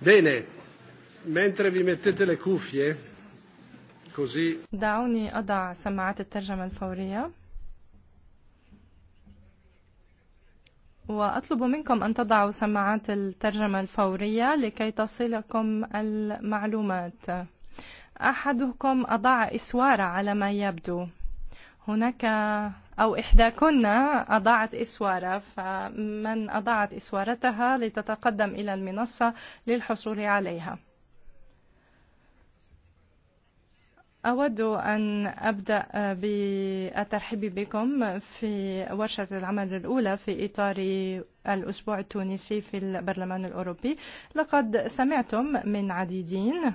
Bene, mentre vi mettete le cuffie, così... دعوني أضع سماعات الترجمة الفورية وأطلب منكم أن تضعوا سماعات الترجمة الفورية لكي تصلكم المعلومات أحدكم أضاع إسوارة على ما يبدو هناك أو إحدى كنا أضاعت إسوارة فمن أضاعت إسوارتها لتتقدم إلى المنصة للحصول عليها أود أن أبدأ بالترحيب بكم في ورشة العمل الأولى في إطار الأسبوع التونسي في البرلمان الأوروبي لقد سمعتم من عديدين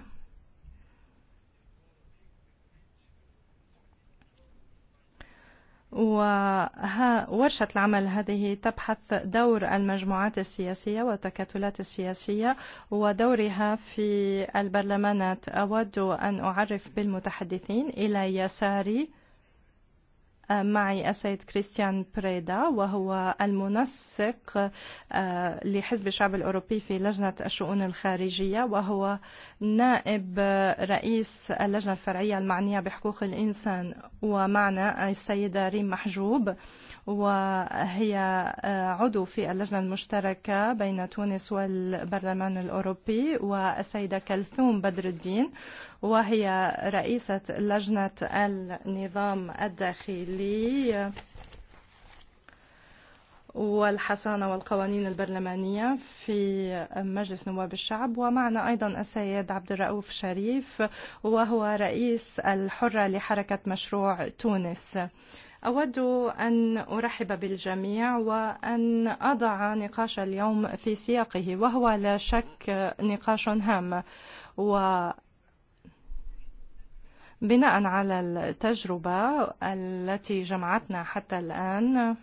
وورشة العمل هذه تبحث دور المجموعات السياسية والتكتلات السياسية ودورها في البرلمانات أود أن أعرف بالمتحدثين إلى يساري معي السيد كريستيان بريدا وهو المنسق لحزب الشعب الأوروبي في لجنة الشؤون الخارجية وهو نائب رئيس اللجنة الفرعية المعنية بحقوق الإنسان ومعنا السيدة ريم محجوب وهي عضو في اللجنة المشتركة بين تونس والبرلمان الأوروبي والسيدة كلثوم بدر الدين وهي رئيسة لجنة النظام الداخلي والحصانة والقوانين البرلمانية في مجلس نواب الشعب ومعنا أيضا السيد عبد الرؤوف شريف وهو رئيس الحرة لحركة مشروع تونس أود أن أرحب بالجميع وأن أضع نقاش اليوم في سياقه وهو لا شك نقاش هام و بناء على التجربة التي جمعتنا حتى الآن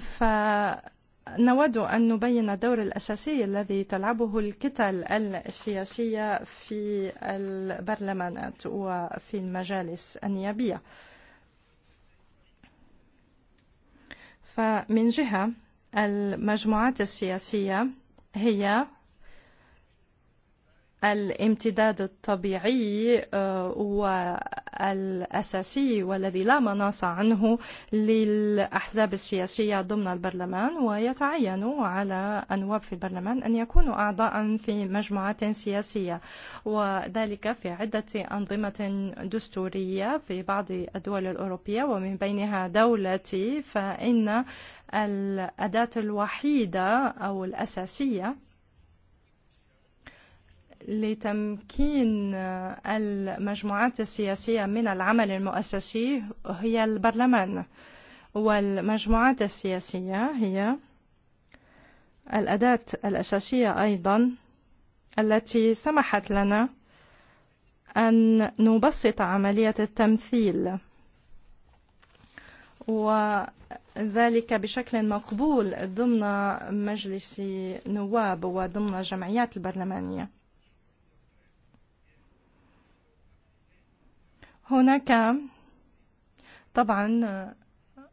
فنود أن نبين الدور الأساسي الذي تلعبه الكتل السياسية في البرلمانات وفي المجالس النيابية فمن جهة المجموعات السياسية هي الامتداد الطبيعي والأساسي والذي لا مناص عنه للأحزاب السياسية ضمن البرلمان ويتعين على أنواب في البرلمان أن يكونوا أعضاء في مجموعات سياسية وذلك في عدة أنظمة دستورية في بعض الدول الأوروبية ومن بينها دولتي فإن الأداة الوحيدة أو الأساسية Uh, al min لتمكين المجموعات السياسية من العمل المؤسسي هي البرلمان والمجموعات السياسية هي الأداة الأساسية أيضا lana سمحت لنا أن il عملية U ذلك بشكل مقبول ضمن مجلس نواب وضمن الجمعيات البرلمانيه هناك طبعا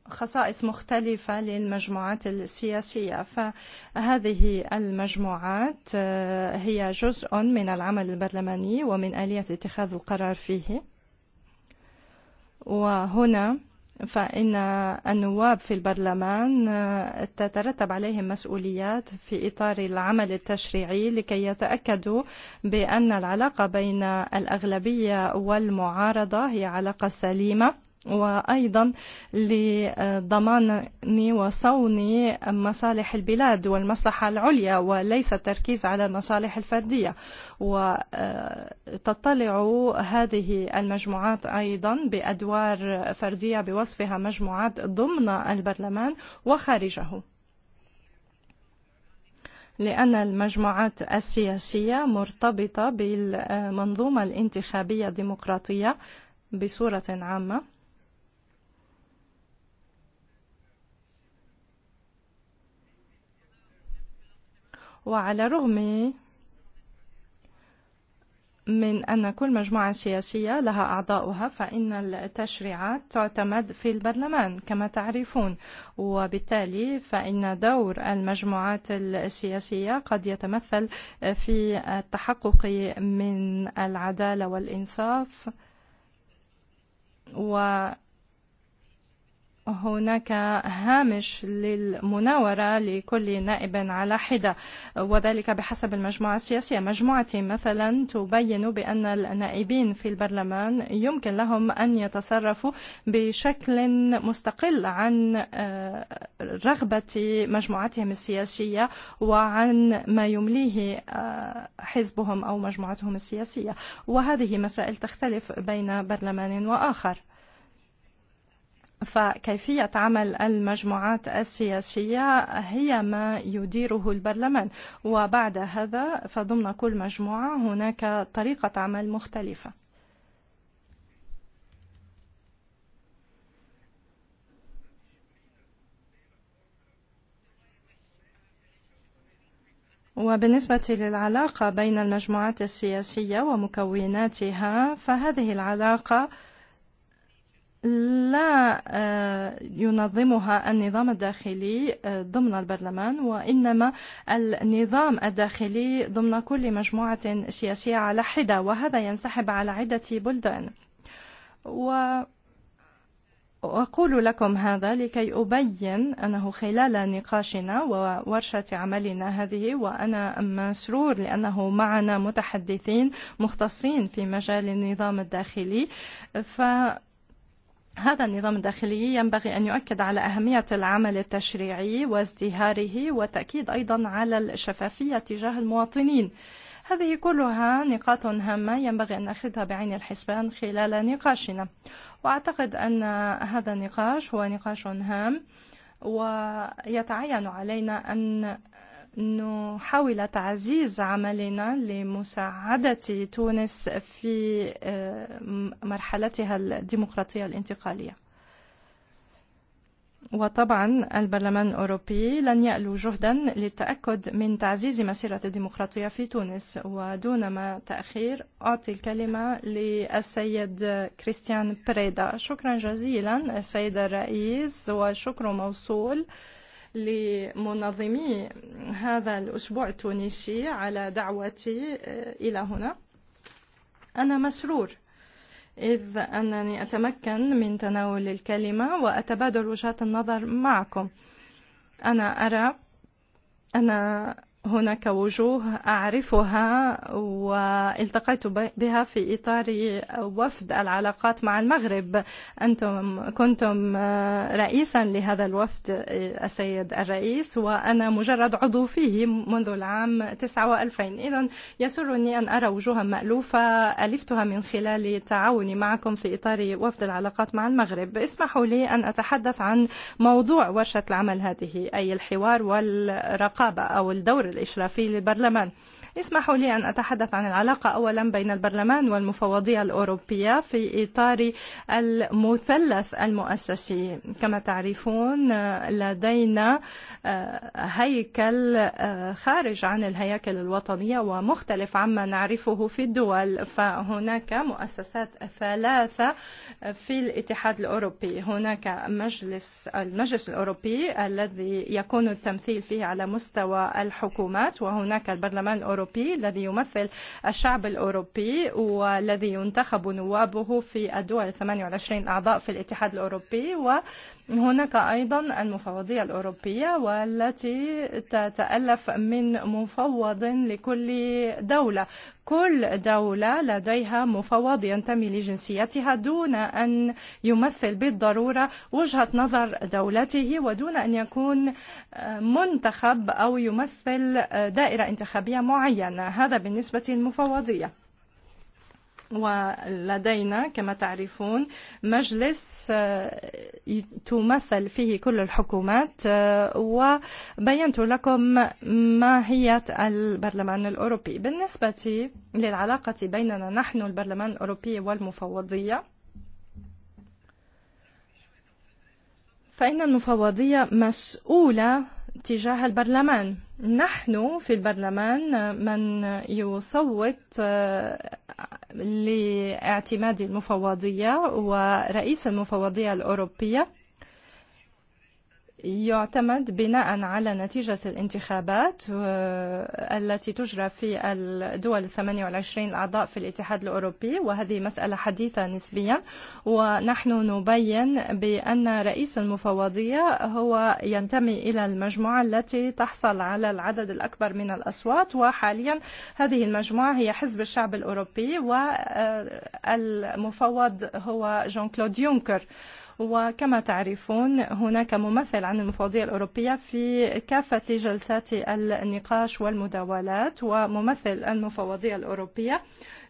خصائص مختلفة للمجموعات السياسية فهذه المجموعات هي جزء من العمل البرلماني ومن آلية اتخاذ القرار فيه وهنا فإن النواب في البرلمان تترتب عليهم مسؤوليات في إطار العمل التشريعي لكي يتأكدوا بأن العلاقة بين الأغلبية والمعارضة هي علاقة سليمة وأيضا لضمان وصون مصالح البلاد والمصلحة العليا وليس التركيز على المصالح الفردية وتطلع هذه المجموعات أيضا بأدوار فردية بوصفها مجموعات ضمن البرلمان وخارجه لأن المجموعات السياسية مرتبطة بالمنظومة الانتخابية الديمقراطية بصورة عامة وعلى الرغم من أن كل مجموعة سياسية لها أعضاؤها فإن التشريعات تعتمد في البرلمان كما تعرفون وبالتالي فإن دور المجموعات السياسية قد يتمثل في التحقق من العدالة والإنصاف و هناك هامش للمناورة لكل نائب على حدة وذلك بحسب المجموعة السياسية مجموعة مثلا تبين بأن النائبين في البرلمان يمكن لهم أن يتصرفوا بشكل مستقل عن رغبة مجموعتهم السياسية وعن ما يمليه حزبهم أو مجموعتهم السياسية وهذه مسائل تختلف بين برلمان وآخر فكيفية عمل المجموعات السياسية هي ما يديره البرلمان وبعد هذا فضمن كل مجموعة هناك طريقة عمل مختلفة وبالنسبة للعلاقة بين المجموعات السياسية ومكوناتها فهذه العلاقة آه لا ينظمها النظام الداخلي ضمن البرلمان وإنما النظام الداخلي ضمن كل مجموعة سياسية على حدة وهذا ينسحب على عدة بلدان و أقول لكم هذا لكي أبين أنه خلال نقاشنا وورشة عملنا هذه وأنا مسرور لأنه معنا متحدثين مختصين في مجال النظام الداخلي ف هذا النظام الداخلي ينبغي أن يؤكد على أهمية العمل التشريعي وازدهاره وتأكيد أيضا على الشفافية تجاه المواطنين هذه كلها نقاط هامة ينبغي أن نأخذها بعين الحسبان خلال نقاشنا وأعتقد أن هذا النقاش هو نقاش هام ويتعين علينا أن نحاول تعزيز عملنا لمساعدة تونس في مرحلتها الديمقراطية الانتقالية وطبعا البرلمان الأوروبي لن يألو جهدا للتأكد من تعزيز مسيرة الديمقراطية في تونس ودون ما تأخير أعطي الكلمة للسيد كريستيان بريدا شكرا جزيلا السيد الرئيس وشكر موصول لمنظمي هذا الأسبوع التونسي على دعوتي إلى هنا أنا مسرور إذ أنني أتمكن من تناول الكلمة وأتبادل وجهات النظر معكم أنا أرى أنا هناك وجوه أعرفها والتقيت بها في إطار وفد العلاقات مع المغرب أنتم كنتم رئيسا لهذا الوفد السيد الرئيس وأنا مجرد عضو فيه منذ العام 9 2000 إذا يسرني أن أرى وجوها مألوفة ألفتها من خلال تعاوني معكم في إطار وفد العلاقات مع المغرب اسمحوا لي أن أتحدث عن موضوع ورشة العمل هذه أي الحوار والرقابة أو الدور l-Ixrafi الإشرافي للبرلمان اسمحوا لي أن أتحدث عن العلاقة أولا بين البرلمان والمفوضية الأوروبية في إطار المثلث المؤسسي كما تعرفون لدينا هيكل خارج عن الهياكل الوطنية ومختلف عما نعرفه في الدول فهناك مؤسسات ثلاثة في الاتحاد الأوروبي هناك مجلس المجلس الأوروبي الذي يكون التمثيل فيه على مستوى الحكومات وهناك البرلمان الأوروبي الأوروبي الذي يمثل الشعب الأوروبي والذي ينتخب نوابه في الدول 28 أعضاء في الاتحاد الأوروبي و هناك أيضا المفوضية الأوروبية والتي تتألف من مفوض لكل دولة كل دولة لديها مفوض ينتمي لجنسيتها دون أن يمثل بالضرورة وجهة نظر دولته ودون أن يكون منتخب أو يمثل دائرة انتخابية معينة هذا بالنسبة للمفوضية ولدينا كما تعرفون مجلس تمثل فيه كل الحكومات وبينت لكم ما هي البرلمان الأوروبي بالنسبة للعلاقة بيننا نحن البرلمان الأوروبي والمفوضية فإن المفوضية مسؤولة تجاه البرلمان نحن في البرلمان من يصوت لاعتماد المفوضية ورئيس المفوضية الأوروبية يعتمد بناء على نتيجة الانتخابات التي تجرى في الدول الثمانية والعشرين الأعضاء في الاتحاد الأوروبي وهذه مسألة حديثة نسبيا ونحن نبين بأن رئيس المفوضية هو ينتمي إلى المجموعة التي تحصل على العدد الأكبر من الأصوات وحاليا هذه المجموعة هي حزب الشعب الأوروبي والمفوض هو جون كلود يونكر وكما تعرفون هناك ممثل عن المفوضية الأوروبية في كافة جلسات النقاش والمداولات وممثل المفوضية الأوروبية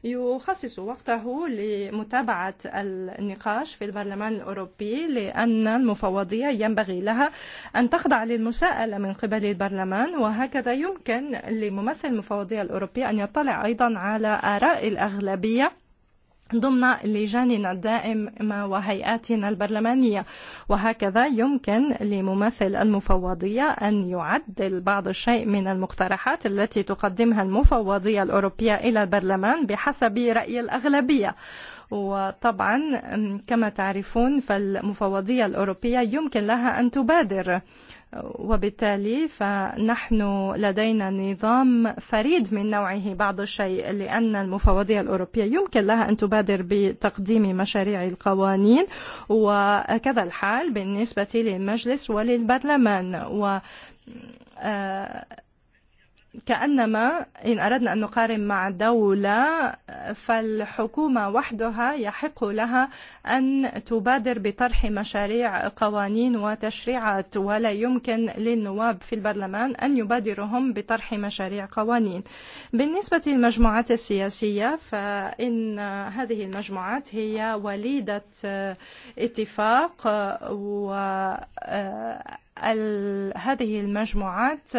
يخصص وقته لمتابعة النقاش في البرلمان الأوروبي لأن المفوضية ينبغي لها أن تخضع للمساءلة من قبل البرلمان وهكذا يمكن لممثل المفوضية الأوروبية أن يطلع أيضا على آراء الأغلبية ضمن لجاننا الدائم مع وهيئاتنا البرلمانية وهكذا يمكن لممثل المفوضية أن يعدل بعض الشيء من المقترحات التي تقدمها المفوضية الأوروبية إلى البرلمان بحسب رأي الأغلبية وطبعا كما تعرفون فالمفوضية الأوروبية يمكن لها أن تبادر وبالتالي فنحن لدينا نظام فريد من نوعه بعض الشيء لأن المفوضية الأوروبية يمكن لها أن تبادر بتقديم مشاريع القوانين وكذا الحال بالنسبة للمجلس وللبرلمان و كأنما إن أردنا أن نقارن مع دولة فالحكومة وحدها يحق لها أن تبادر بطرح مشاريع قوانين وتشريعات ولا يمكن للنواب في البرلمان أن يبادرهم بطرح مشاريع قوانين بالنسبة للمجموعات السياسية فإن هذه المجموعات هي وليدة اتفاق و هذه المجموعات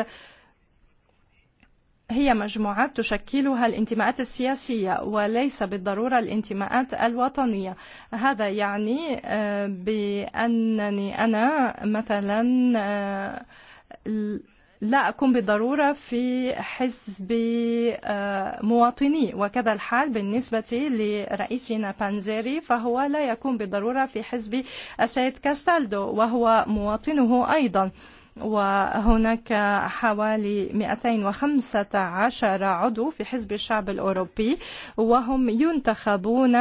هي مجموعات تشكلها الانتماءات السياسية وليس بالضرورة الانتماءات الوطنية هذا يعني بأنني أنا مثلا لا أكون بالضرورة في حزب مواطني وكذا الحال بالنسبة لرئيسنا بانزيري فهو لا يكون بالضرورة في حزب السيد كاستالدو وهو مواطنه أيضا وهناك حوالي 215 عضو في حزب الشعب الأوروبي وهم ينتخبون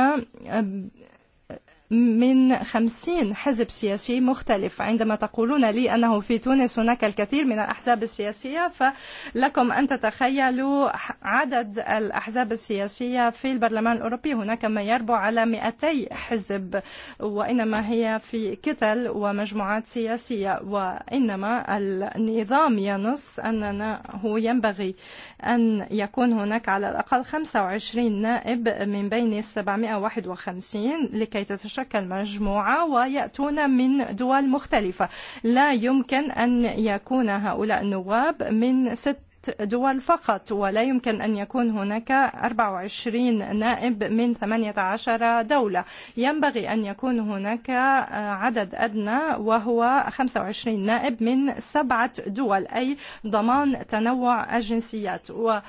من خمسين حزب سياسي مختلف عندما تقولون لي أنه في تونس هناك الكثير من الأحزاب السياسية فلكم أن تتخيلوا عدد الأحزاب السياسية في البرلمان الأوروبي هناك ما يربع على مئتي حزب وإنما هي في كتل ومجموعات سياسية وإنما النظام ينص أننا هو ينبغي أن يكون هناك على الأقل 25 نائب من بين 751 لكي تتشكل تتشكل مجموعة ويأتون من دول مختلفة لا يمكن أن يكون هؤلاء النواب من ست دول فقط ولا يمكن أن يكون هناك 24 نائب من 18 دولة ينبغي أن يكون هناك عدد أدنى وهو 25 نائب من سبعة دول أي ضمان تنوع الجنسيات و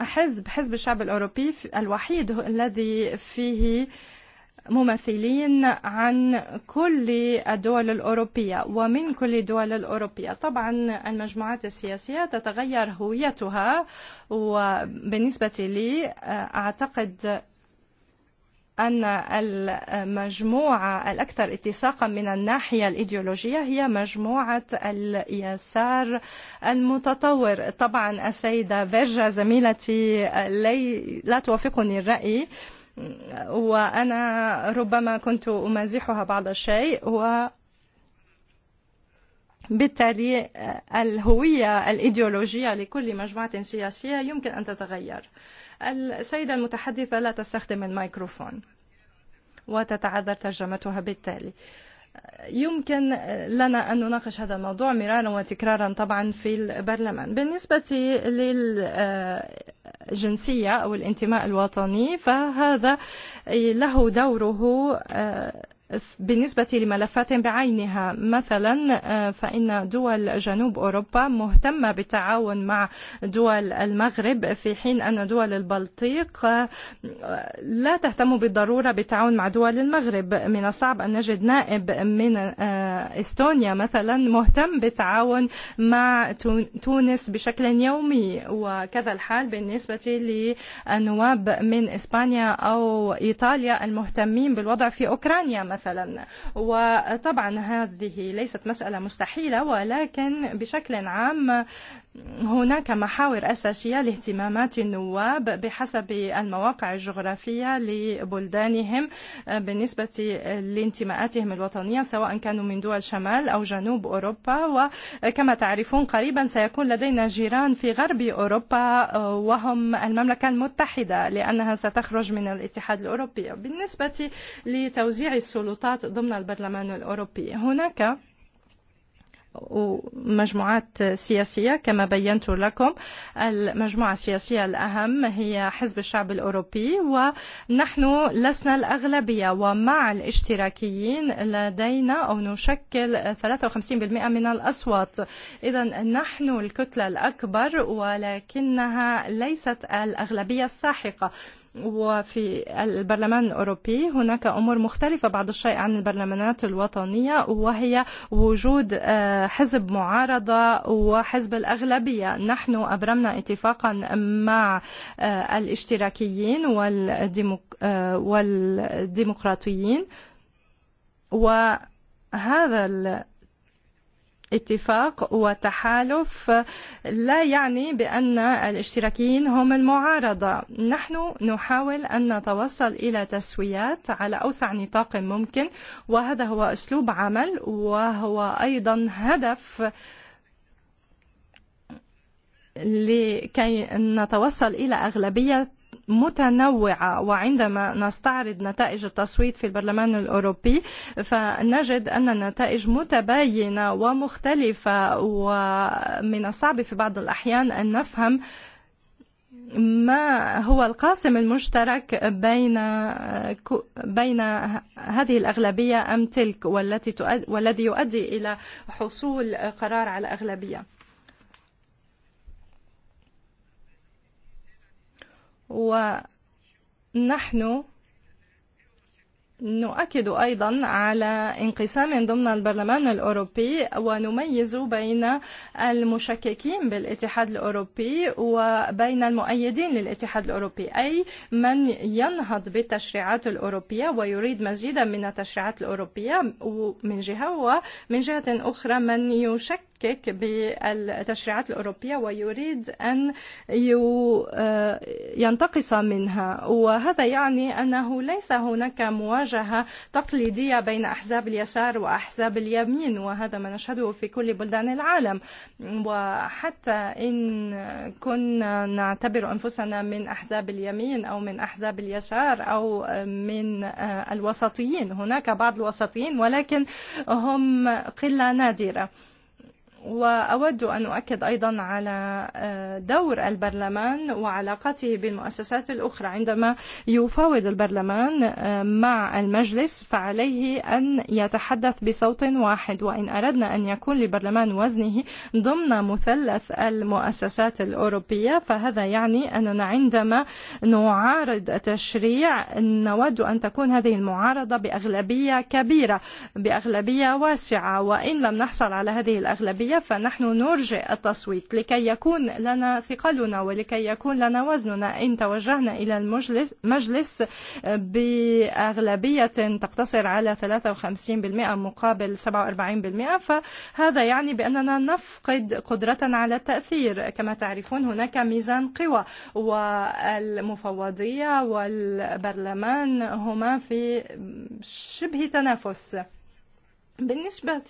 حزب حزب الشعب الأوروبي الوحيد الذي فيه ممثلين عن كل الدول الأوروبية ومن كل الدول الأوروبية طبعا المجموعات السياسية تتغير هويتها وبالنسبة لي أعتقد أن المجموعة الأكثر اتساقا من الناحية الإيديولوجية هي مجموعة اليسار المتطور طبعا السيدة فيرجا زميلتي لي لا توافقني الرأي وأنا ربما كنت أمازحها بعض الشيء و بالتالي الهوية الإيديولوجية لكل مجموعة سياسية يمكن أن تتغير. آه السيدة المتحدثة لا تستخدم الميكروفون وتتعذر ترجمتها بالتالي يمكن لنا أن نناقش هذا الموضوع مرارا وتكرارا طبعا في البرلمان بالنسبة للجنسية أو الانتماء الوطني فهذا له دوره بالنسبة لملفات بعينها مثلا فإن دول جنوب أوروبا مهتمة بالتعاون مع دول المغرب في حين أن دول البلطيق لا تهتم بالضرورة بالتعاون مع دول المغرب من الصعب أن نجد نائب من إستونيا مثلا مهتم بالتعاون مع تونس بشكل يومي وكذا الحال بالنسبة للنواب من إسبانيا أو إيطاليا المهتمين بالوضع في أوكرانيا مثلا مثلا وطبعا هذه ليست مسألة مستحيلة ولكن بشكل عام هناك محاور أساسية لاهتمامات النواب بحسب المواقع الجغرافية لبلدانهم بالنسبة لانتماءاتهم الوطنية سواء كانوا من دول شمال أو جنوب أوروبا وكما تعرفون قريبا سيكون لدينا جيران في غرب أوروبا وهم المملكة المتحدة لأنها ستخرج من الاتحاد الأوروبي بالنسبة لتوزيع السلطات ضمن البرلمان الأوروبي هناك ومجموعات سياسية كما بينت لكم المجموعة السياسية الأهم هي حزب الشعب الأوروبي ونحن لسنا الأغلبية ومع الاشتراكيين لدينا أو نشكل 53% من الأصوات إذا نحن الكتلة الأكبر ولكنها ليست الأغلبية الساحقة وفي البرلمان الأوروبي هناك أمور مختلفة بعض الشيء عن البرلمانات الوطنية وهي وجود حزب معارضة وحزب الأغلبية نحن أبرمنا اتفاقا مع الاشتراكيين والديمقراطيين وهذا اتفاق وتحالف لا يعني بأن الاشتراكيين هم المعارضة نحن نحاول أن نتوصل إلى تسويات على أوسع نطاق ممكن وهذا هو أسلوب عمل وهو أيضا هدف لكي نتوصل إلى أغلبية متنوعة وعندما نستعرض نتائج التصويت في البرلمان الأوروبي فنجد أن النتائج متباينة ومختلفة ومن الصعب في بعض الأحيان أن نفهم ما هو القاسم المشترك بين بين هذه الأغلبية أم تلك والتي والذي يؤدي إلى حصول قرار على أغلبية ونحن نؤكد أيضا على انقسام ضمن البرلمان الأوروبي ونميز بين المشككين بالاتحاد الأوروبي وبين المؤيدين للاتحاد الأوروبي أي من ينهض بالتشريعات الأوروبية ويريد مزيدا من التشريعات الأوروبية من جهة ومن جهة أخرى من يشكك يحكك بالتشريعات الأوروبية ويريد أن ينتقص منها وهذا يعني أنه ليس هناك مواجهة تقليدية بين أحزاب اليسار وأحزاب اليمين وهذا ما نشهده في كل بلدان العالم وحتى إن كنا نعتبر أنفسنا من أحزاب اليمين أو من أحزاب اليسار أو من الوسطيين هناك بعض الوسطيين ولكن هم قلة نادرة وأود أن أؤكد أيضا على دور البرلمان وعلاقته بالمؤسسات الأخرى عندما يفاوض البرلمان مع المجلس فعليه أن يتحدث بصوت واحد وإن أردنا أن يكون لبرلمان وزنه ضمن مثلث المؤسسات الأوروبية فهذا يعني أننا عندما نعارض تشريع نود أن تكون هذه المعارضة بأغلبية كبيرة بأغلبية واسعة وإن لم نحصل على هذه الأغلبية فنحن نرجئ التصويت لكي يكون لنا ثقلنا ولكي يكون لنا وزننا إن توجهنا إلى المجلس مجلس بأغلبية تقتصر على 53% مقابل 47% فهذا يعني بأننا نفقد قدرتنا على التأثير كما تعرفون هناك ميزان قوى والمفوضية والبرلمان هما في شبه تنافس بالنسبة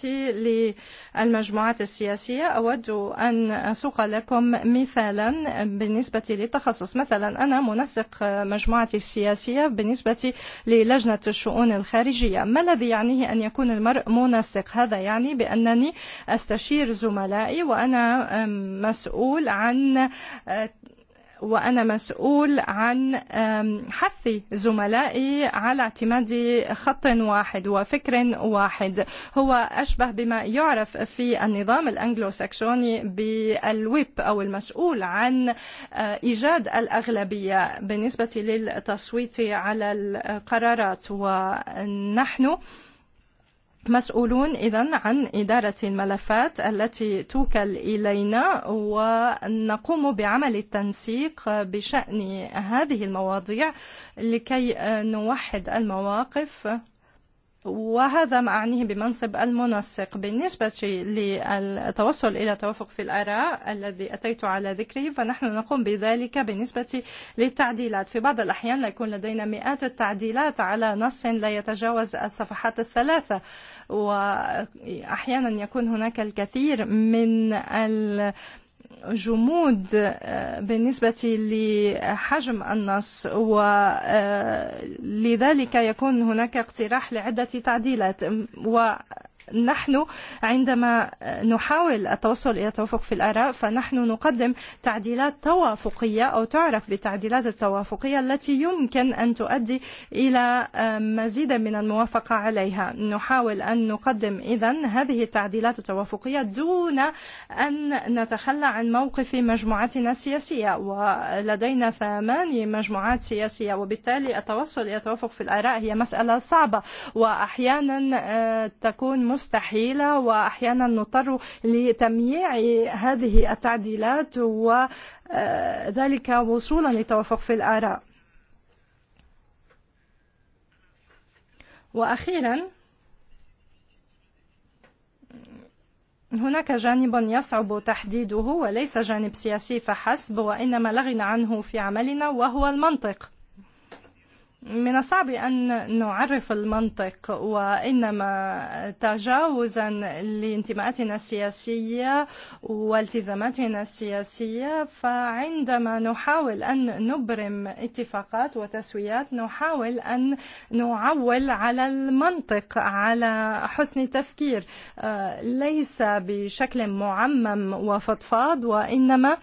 للمجموعات السياسية أود أن أسوق لكم مثالا بالنسبة للتخصص مثلا أنا منسق مجموعة السياسية بالنسبة للجنة الشؤون الخارجية ما الذي يعنيه أن يكون المرء منسق هذا يعني بأنني أستشير زملائي وأنا مسؤول عن وأنا مسؤول عن حث زملائي على اعتماد خط واحد وفكر واحد هو أشبه بما يعرف في النظام الأنجلو ساكسوني بالويب أو المسؤول عن إيجاد الأغلبية بالنسبة للتصويت على القرارات ونحن مسؤولون إذا عن إدارة الملفات التي توكل إلينا ونقوم بعمل التنسيق بشأن هذه المواضيع لكي نوحد المواقف وهذا ما أعنيه بمنصب المنسق بالنسبة للتوصل إلى توافق في الأراء الذي أتيت على ذكره فنحن نقوم بذلك بالنسبة للتعديلات في بعض الأحيان يكون لدينا مئات التعديلات على نص لا يتجاوز الصفحات الثلاثة وأحيانا يكون هناك الكثير من ال جمود بالنسبة لحجم النص ولذلك يكون هناك اقتراح لعدة تعديلات و نحن عندما نحاول التوصل إلى توافق في الآراء فنحن نقدم تعديلات توافقية أو تعرف بالتعديلات التوافقية التي يمكن أن تؤدي إلى مزيد من الموافقة عليها نحاول أن نقدم إذن هذه التعديلات التوافقية دون أن نتخلى عن موقف مجموعتنا السياسية ولدينا ثمان مجموعات سياسية وبالتالي التوصل إلى توافق في الآراء هي مسألة صعبة وأحيانا تكون مستحيلة وأحيانا نضطر لتمييع هذه التعديلات وذلك وصولا لتوافق في الآراء وأخيرا هناك جانب يصعب تحديده وليس جانب سياسي فحسب وإنما لغنا عنه في عملنا وهو المنطق من الصعب أن نعرف المنطق وإنما تجاوزا لانتماءاتنا السياسية والتزاماتنا السياسية فعندما نحاول أن نبرم اتفاقات وتسويات نحاول أن نعول على المنطق على حسن تفكير ليس بشكل معمم وفضفاض وإنما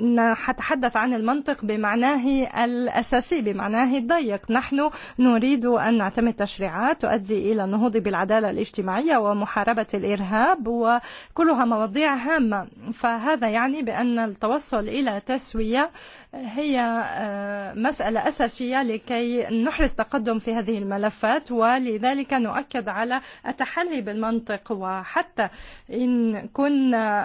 نتحدث عن المنطق بمعناه الأساسي بمعناه الضيق نحن نريد أن نعتمد تشريعات تؤدي إلى النهوض بالعدالة الاجتماعية ومحاربة الإرهاب وكلها مواضيع هامة فهذا يعني بأن التوصل إلى تسوية هي مسألة أساسية لكي نحرز تقدم في هذه الملفات ولذلك نؤكد على التحلي بالمنطق وحتى إن كنا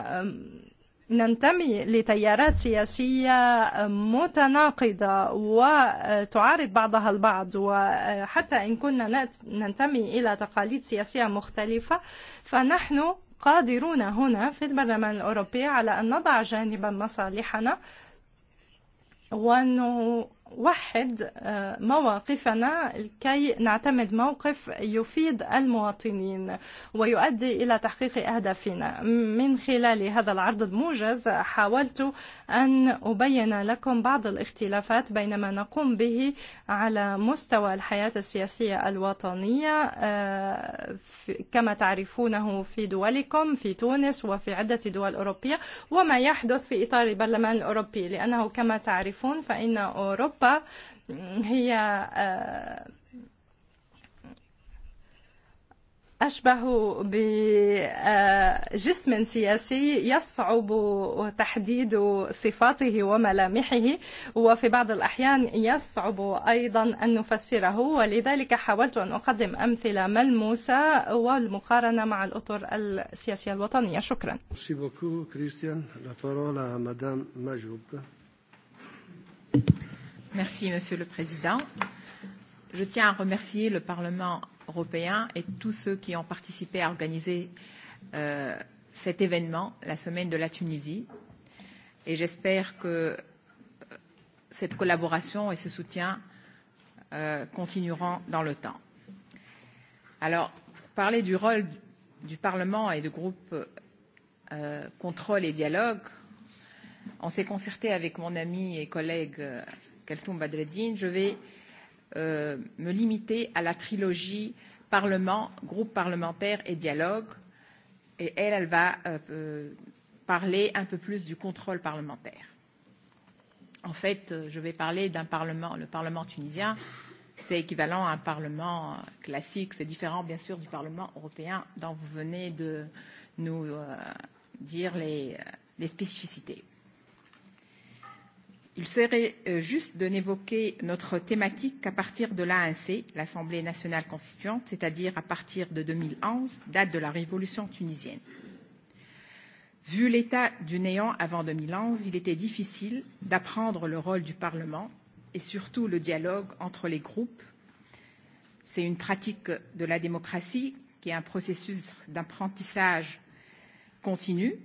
ننتمي لتيارات سياسية متناقضة وتعارض بعضها البعض وحتى إن كنا ننتمي إلى تقاليد سياسية مختلفة فنحن قادرون هنا في البرلمان الأوروبي على أن نضع جانبا مصالحنا وأنه وحد مواقفنا كي نعتمد موقف يفيد المواطنين ويؤدي إلى تحقيق أهدافنا من خلال هذا العرض الموجز حاولت أن أبين لكم بعض الاختلافات بين ما نقوم به على مستوى الحياة السياسية الوطنية كما تعرفونه في دولكم في تونس وفي عدة دول أوروبية وما يحدث في إطار البرلمان الأوروبي لأنه كما تعرفون فإن أوروبا Europa هي أشبه بجسم سياسي يصعب تحديد صفاته وملامحه وفي بعض الأحيان يصعب أيضا أن نفسره ولذلك حاولت أن أقدم أمثلة ملموسة والمقارنة مع الأطر السياسية الوطنية شكرا Merci beaucoup, Christian. La parole à Madame Majoub. Merci, Monsieur le Président. Je tiens à remercier le Parlement européen et tous ceux qui ont participé à organiser euh, cet événement, la semaine de la Tunisie. Et j'espère que euh, cette collaboration et ce soutien euh, continueront dans le temps. Alors, pour parler du rôle du Parlement et du groupe euh, contrôle et dialogue, on s'est concerté avec mon ami et collègue euh, Keltoum Badreddine, je vais euh, me limiter à la trilogie Parlement, groupe parlementaire et dialogue. Et elle, elle va euh, euh parler un peu plus du contrôle parlementaire. En fait, euh, je vais parler d'un parlement, le parlement tunisien, c'est équivalent à un parlement euh, classique, c'est différent bien sûr du parlement européen dont vous venez de nous euh, dire les, les spécificités. Il serait euh, juste de n'évoquer notre thématique qu'à partir de l'ANC, l'Assemblée nationale constituante, c'est-à-dire à partir de 2011, date de la révolution tunisienne. Vu l'état du néant avant 2011, il était difficile d'apprendre le rôle du Parlement et surtout le dialogue entre les groupes. C'est une pratique de la démocratie qui est un processus d'apprentissage continu.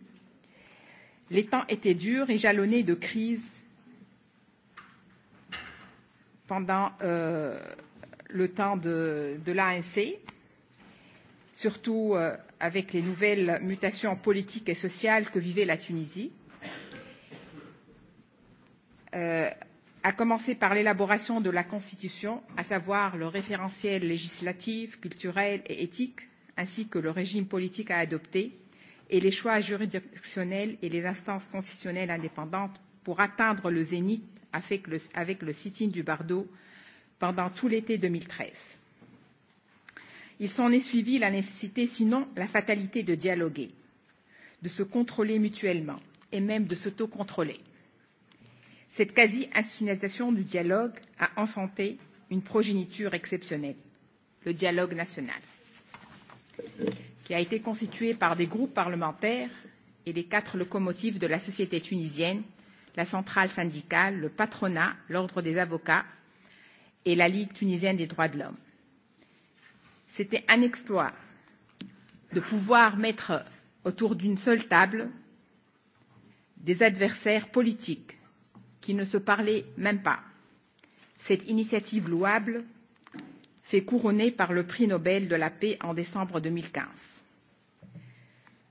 Les temps étaient durs et jalonnés de crises pendant euh, le temps de, de l'ANC, surtout euh, avec les nouvelles mutations politiques et sociales que vivait la Tunisie, euh, à commencer par l'élaboration de la Constitution, à savoir le référentiel législatif, culturel et éthique, ainsi que le régime politique à adopter, et les choix juridictionnels et les instances constitutionnelles indépendantes pour atteindre le zénith avec le, avec le sit-in du Bardo pendant tout l'été 2013. Il s'en est suivi la nécessité, sinon la fatalité, de dialoguer, de se contrôler mutuellement et même de s'autocontrôler. Cette quasi institutionnalisation du dialogue a enfanté une progéniture exceptionnelle, le dialogue national, qui a été constitué par des groupes parlementaires et les quatre locomotives de la société tunisienne la centrale syndicale, le patronat, l'ordre des avocats et la Ligue tunisienne des droits de l'homme. C'était un exploit de pouvoir mettre autour d'une seule table des adversaires politiques qui ne se parlaient même pas. Cette initiative louable fait couronner par le prix Nobel de la paix en décembre 2015.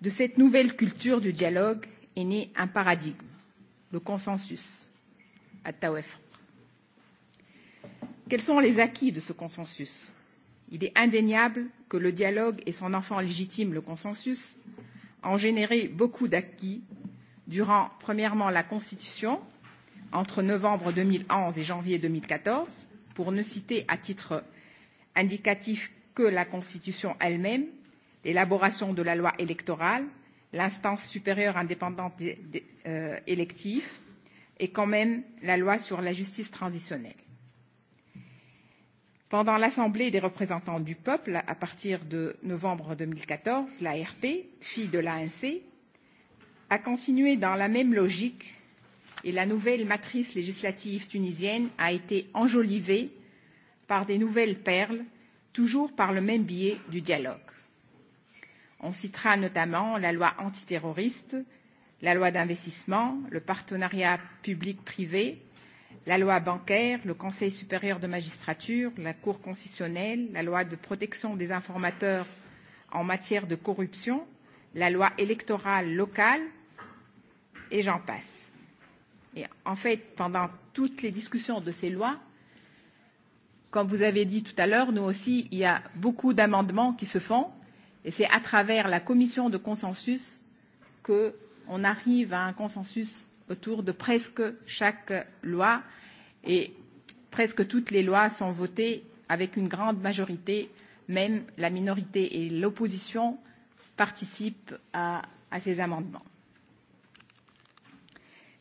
De cette nouvelle culture du dialogue est né un paradigme le consensus à Tawef. Quels sont les acquis de ce consensus Il est indéniable que le dialogue et son enfant légitime, le consensus, ont généré beaucoup d'acquis durant, premièrement, la Constitution, entre novembre 2011 et janvier 2014, pour ne citer à titre indicatif que la Constitution elle-même, l'élaboration de la loi électorale, l'instance supérieure indépendante euh, élective et quand même la loi sur la justice transitionnelle. Pendant l'Assemblée des représentants du peuple, à partir de novembre 2014, l'ARP, fille de l'ANC, a continué dans la même logique et la nouvelle matrice législative tunisienne a été enjolivée par des nouvelles perles, toujours par le même biais du dialogue. On citera notamment la loi antiterroriste, la loi d'investissement, le partenariat public-privé, la loi bancaire, le Conseil supérieur de magistrature, la Cour constitutionnelle, la loi de protection des informateurs en matière de corruption, la loi électorale locale, et j'en passe. Et en fait, pendant toutes les discussions de ces lois, comme vous avez dit tout à l'heure, nous aussi, il y a beaucoup d'amendements qui se font Et c'est à travers la commission de consensus qu'on arrive à un consensus autour de presque chaque loi et presque toutes les lois sont votées avec une grande majorité, même la minorité et l'opposition participent à, à ces amendements.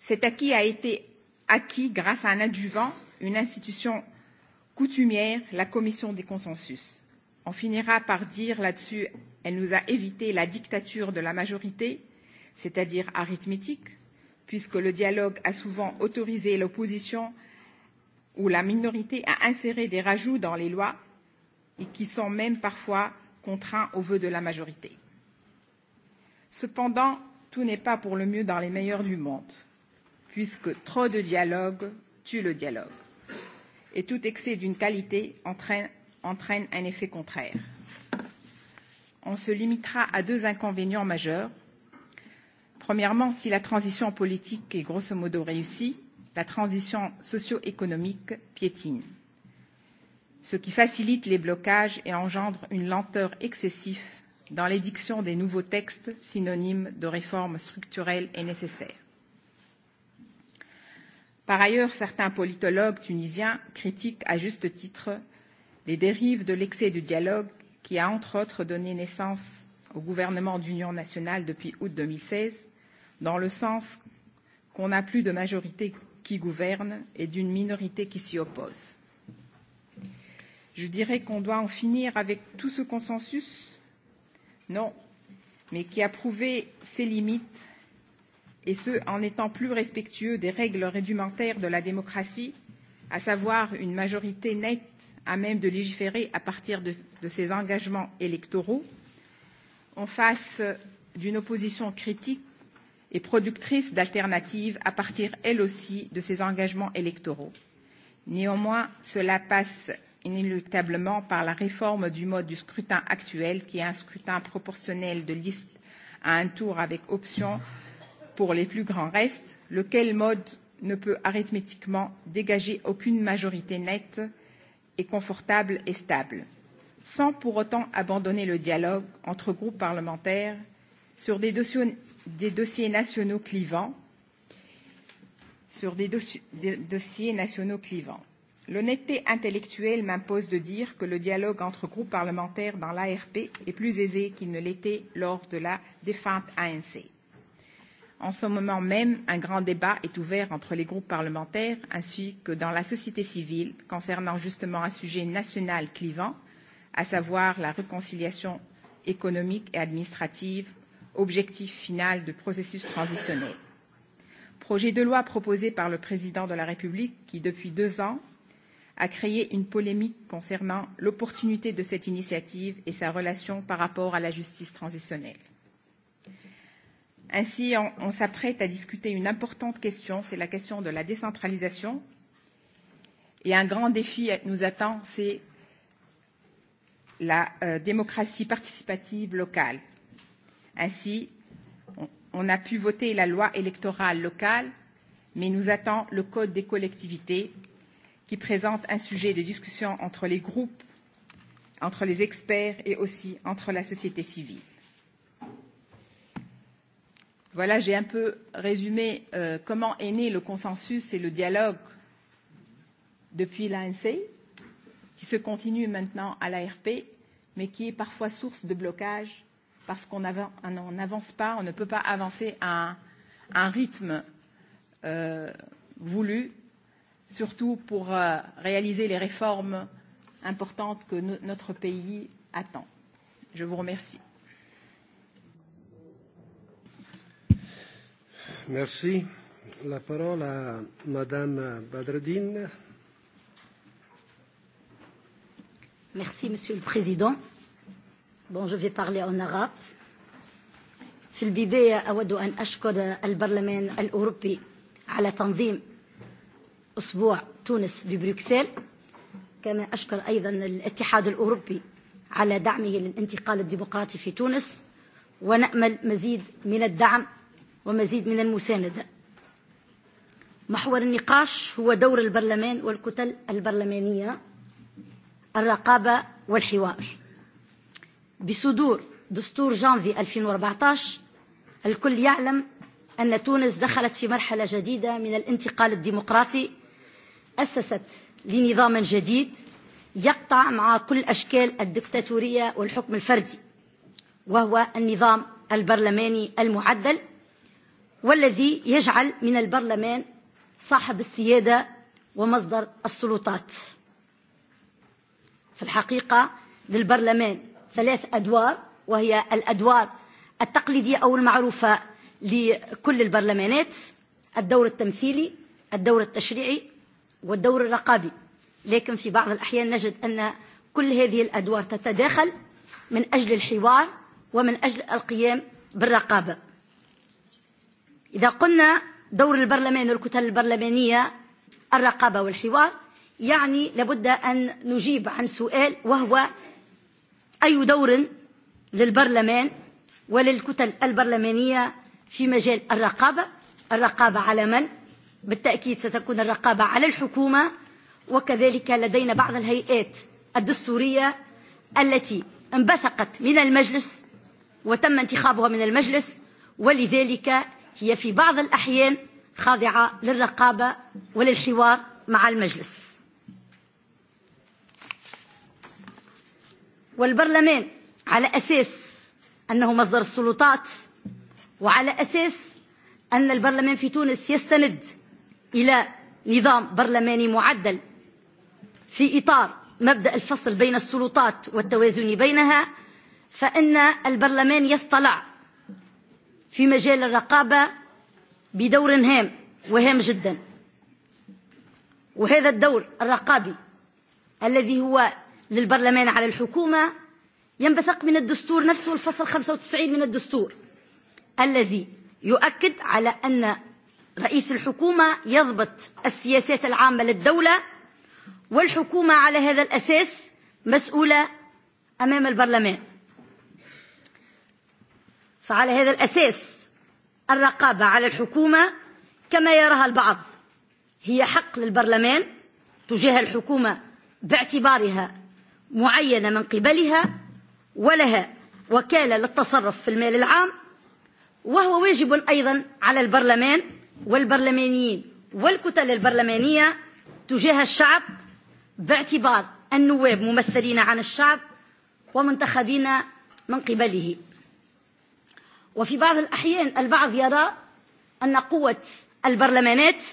Cet acquis a été acquis grâce à un adjuvant, une institution coutumière, la commission des consensus on finira par dire là-dessus, elle nous a évité la dictature de la majorité, c'est-à-dire arithmétique, puisque le dialogue a souvent autorisé l'opposition ou la minorité à insérer des rajouts dans les lois et qui sont même parfois contraints au vœu de la majorité. Cependant, tout n'est pas pour le mieux dans les meilleurs du monde, puisque trop de dialogue tue le dialogue. Et tout excès d'une qualité entraîne entraîne un effet contraire. On se limitera à deux inconvénients majeurs. Premièrement, si la transition politique est grosso modo réussie, la transition socio-économique piétine, ce qui facilite les blocages et engendre une lenteur excessive dans l'édiction des nouveaux textes synonymes de réformes structurelles et nécessaires. Par ailleurs, certains politologues tunisiens critiquent à juste titre les dérives de l'excès du dialogue qui a entre autres donné naissance au gouvernement d'union nationale depuis août 2016, dans le sens qu'on n'a plus de majorité qui gouverne et d'une minorité qui s'y oppose. Je dirais qu'on doit en finir avec tout ce consensus, non, mais qui a prouvé ses limites, et ce en étant plus respectueux des règles réglementaires de la démocratie, à savoir une majorité nette à même de légiférer à partir de, de ses engagements électoraux, en face d'une opposition critique et productrice d'alternatives à partir, elle aussi, de ses engagements électoraux. Néanmoins, cela passe inéluctablement par la réforme du mode du scrutin actuel, qui est un scrutin proportionnel de liste à un tour avec option pour les plus grands restes, lequel mode ne peut arithmétiquement dégager aucune majorité nette et confortable et stable, sans pour autant abandonner le dialogue entre groupes parlementaires sur des dossiers, des dossiers nationaux clivants. Sur des, des dossiers nationaux clivants. L'honnêteté intellectuelle m'impose de dire que le dialogue entre groupes parlementaires dans l'ARP est plus aisé qu'il ne l'était lors de la défunte ANC. En ce moment même, un grand débat est ouvert entre les groupes parlementaires ainsi que dans la société civile concernant justement un sujet national clivant, à savoir la réconciliation économique et administrative, objectif final du processus transitionnel. Projet de loi proposé par le président de la République qui, depuis deux ans, a créé une polémique concernant l'opportunité de cette initiative et sa relation par rapport à la justice transitionnelle. Ainsi, on, on s'apprête à discuter une importante question, c'est la question de la décentralisation. Et un grand défi nous attend, c'est la euh, démocratie participative locale. Ainsi, on, on a pu voter la loi électorale locale, mais nous attend le Code des collectivités qui présente un sujet de discussion entre les groupes, entre les experts et aussi entre la société civile. Voilà, j'ai un peu résumé euh, comment est né le consensus et le dialogue depuis l'ANC, qui se continue maintenant à l'ARP, mais qui est parfois source de blocage parce qu'on n'avance pas, on ne peut pas avancer à un, à un rythme euh, voulu, surtout pour euh, réaliser les réformes importantes que no notre pays attend. Je vous remercie. Merci. La parola a Madame Badredine. Merci, Monsieur le Président. Bon, je vais parler en arabe. في البداية أود أن أشكر البرلمان الأوروبي على تنظيم أسبوع تونس ببروكسل كما أشكر أيضا الاتحاد الأوروبي على دعمه للانتقال الديمقراطي في تونس ونأمل مزيد من الدعم ومزيد من المساندة محور النقاش هو دور البرلمان والكتل البرلمانية الرقابة والحوار بصدور دستور جانفي 2014 الكل يعلم أن تونس دخلت في مرحلة جديدة من الانتقال الديمقراطي أسست لنظام جديد يقطع مع كل أشكال الدكتاتورية والحكم الفردي وهو النظام البرلماني المعدل والذي يجعل من البرلمان صاحب السيادة ومصدر السلطات في الحقيقة للبرلمان ثلاث أدوار وهي الأدوار التقليدية أو المعروفة لكل البرلمانات الدور التمثيلي الدور التشريعي والدور الرقابي لكن في بعض الأحيان نجد أن كل هذه الأدوار تتداخل من أجل الحوار ومن أجل القيام بالرقابة إذا قلنا دور البرلمان والكتل البرلمانية الرقابة والحوار يعني لابد أن نجيب عن سؤال وهو أي دور للبرلمان وللكتل البرلمانية في مجال الرقابة الرقابة على من؟ بالتأكيد ستكون الرقابة على الحكومة وكذلك لدينا بعض الهيئات الدستورية التي انبثقت من المجلس وتم انتخابها من المجلس ولذلك هي في بعض الأحيان خاضعة للرقابة وللحوار مع المجلس والبرلمان على أساس أنه مصدر السلطات وعلى أساس أن البرلمان في تونس يستند إلى نظام برلماني معدل في إطار مبدأ الفصل بين السلطات والتوازن بينها فإن البرلمان يطلع في مجال الرقابة بدور هام وهام جدا وهذا الدور الرقابي الذي هو للبرلمان على الحكومة ينبثق من الدستور نفسه الفصل 95 من الدستور الذي يؤكد على أن رئيس الحكومة يضبط السياسات العامة للدولة والحكومة على هذا الأساس مسؤولة أمام البرلمان فعلى هذا الأساس الرقابة على الحكومة كما يراها البعض هي حق للبرلمان تجاه الحكومة باعتبارها معينة من قبلها ولها وكالة للتصرف في المال العام وهو واجب أيضا على البرلمان والبرلمانيين والكتل البرلمانية تجاه الشعب باعتبار النواب ممثلين عن الشعب ومنتخبين من قبله وفي بعض الأحيان البعض يرى أن قوة البرلمانات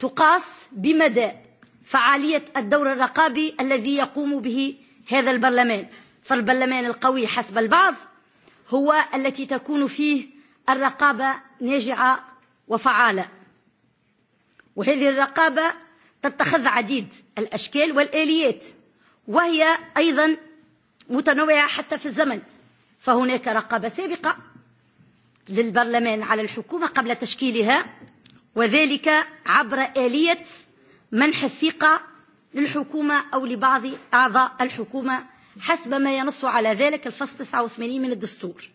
تقاس بمدى فعالية الدور الرقابي الذي يقوم به هذا البرلمان فالبرلمان القوي حسب البعض هو التي تكون فيه الرقابة ناجعة وفعالة وهذه الرقابة تتخذ عديد الأشكال والآليات وهي أيضا متنوعة حتى في الزمن فهناك رقابة سابقة للبرلمان على الحكومة قبل تشكيلها وذلك عبر آلية منح الثقة للحكومة أو لبعض أعضاء الحكومة حسب ما ينص على ذلك الفصل 89 من الدستور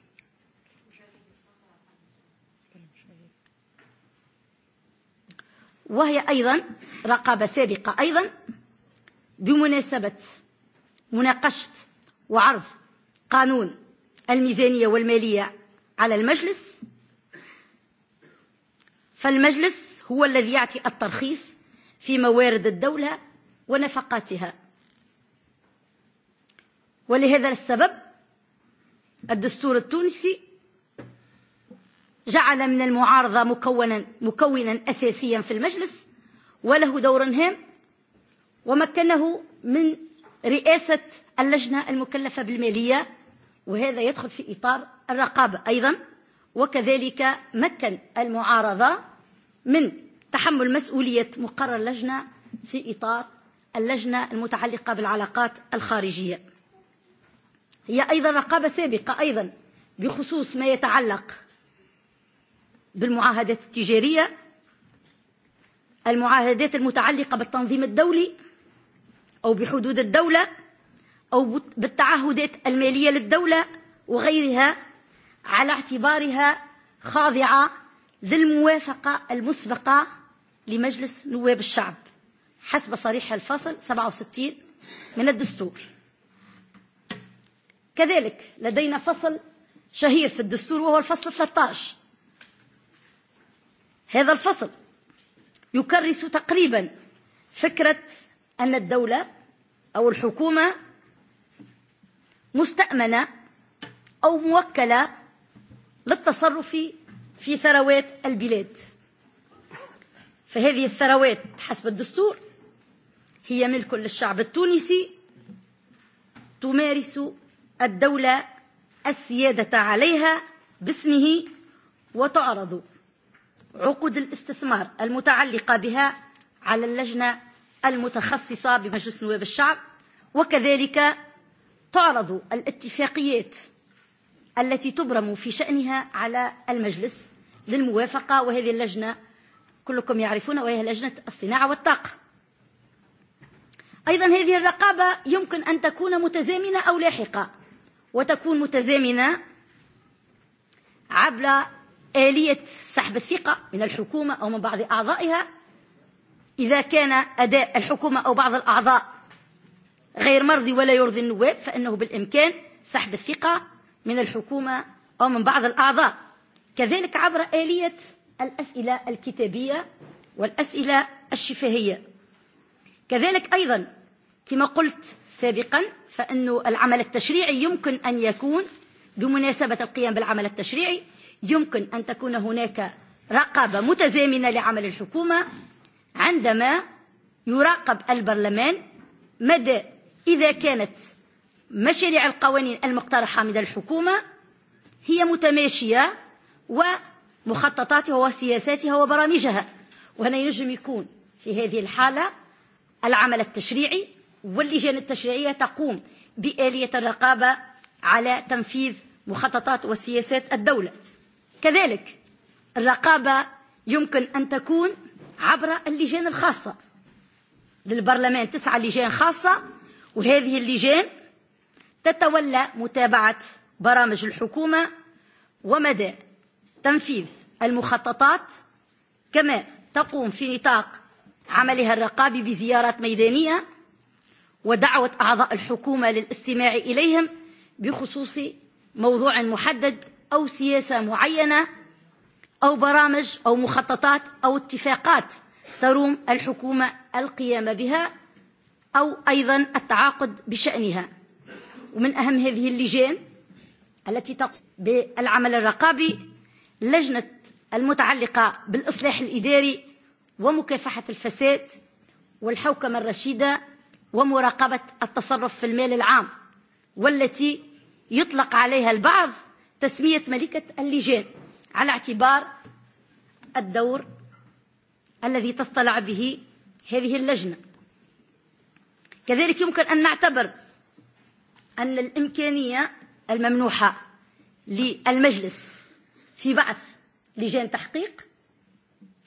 وهي أيضا رقابة سابقة أيضا بمناسبة مناقشة وعرض قانون الميزانية والمالية على المجلس فالمجلس هو الذي يعطي الترخيص في موارد الدولة ونفقاتها ولهذا السبب الدستور التونسي جعل من المعارضة مكونا, مكونا أساسيا في المجلس وله دور هام ومكنه من رئاسة اللجنة المكلفة بالمالية وهذا يدخل في إطار الرقابة أيضا وكذلك مكن المعارضة من تحمل مسؤولية مقرر اللجنة في إطار اللجنة المتعلقة بالعلاقات الخارجية هي أيضا رقابة سابقة أيضا بخصوص ما يتعلق بالمعاهدات التجارية المعاهدات المتعلقة بالتنظيم الدولي أو بحدود الدولة أو بالتعهدات المالية للدولة وغيرها على اعتبارها خاضعة للموافقة المسبقة لمجلس نواب الشعب حسب صريح الفصل 67 من الدستور كذلك لدينا فصل شهير في الدستور وهو الفصل 13 هذا الفصل يكرس تقريبا فكرة أن الدولة أو الحكومة مستأمنة أو موكلة للتصرف في ثروات البلاد فهذه الثروات حسب الدستور هي ملك للشعب التونسي تمارس الدولة السيادة عليها باسمه وتعرض عقود الاستثمار المتعلقة بها على اللجنة المتخصصة بمجلس نواب الشعب وكذلك تعرض الاتفاقيات التي تبرم في شأنها على المجلس للموافقة وهذه اللجنة كلكم يعرفون وهي لجنة الصناعة والطاقة أيضا هذه الرقابة يمكن أن تكون متزامنة أو لاحقة وتكون متزامنة عبر آلية سحب الثقة من الحكومة أو من بعض أعضائها إذا كان أداء الحكومة أو بعض الأعضاء غير مرضي ولا يرضي النواب فإنه بالإمكان سحب الثقة من الحكومة أو من بعض الأعضاء كذلك عبر آلية الأسئلة الكتابية والأسئلة الشفهية كذلك أيضا كما قلت سابقا فإن العمل التشريعي يمكن أن يكون بمناسبة القيام بالعمل التشريعي يمكن أن تكون هناك رقابة متزامنة لعمل الحكومة عندما يراقب البرلمان مدى إذا كانت مشاريع القوانين المقترحة من الحكومة هي متماشية ومخططاتها وسياساتها وبرامجها وهنا ينجم يكون في هذه الحالة العمل التشريعي واللجان التشريعية تقوم بآلية الرقابة على تنفيذ مخططات وسياسات الدولة كذلك الرقابة يمكن أن تكون عبر اللجان الخاصة للبرلمان تسعى لجان خاصة وهذه اللجان تتولى متابعة برامج الحكومة ومدى تنفيذ المخططات كما تقوم في نطاق عملها الرقابي بزيارات ميدانية ودعوة أعضاء الحكومة للاستماع إليهم بخصوص موضوع محدد أو سياسة معينة أو برامج أو مخططات أو اتفاقات تروم الحكومة القيام بها أو أيضا التعاقد بشأنها ومن أهم هذه اللجان التي تقوم بالعمل الرقابي لجنة المتعلقة بالإصلاح الإداري ومكافحة الفساد والحوكمة الرشيدة ومراقبة التصرف في المال العام والتي يطلق عليها البعض تسمية ملكة اللجان على اعتبار الدور الذي تطلع به هذه اللجنة كذلك يمكن أن نعتبر أن الإمكانية الممنوحة للمجلس في بعث لجان تحقيق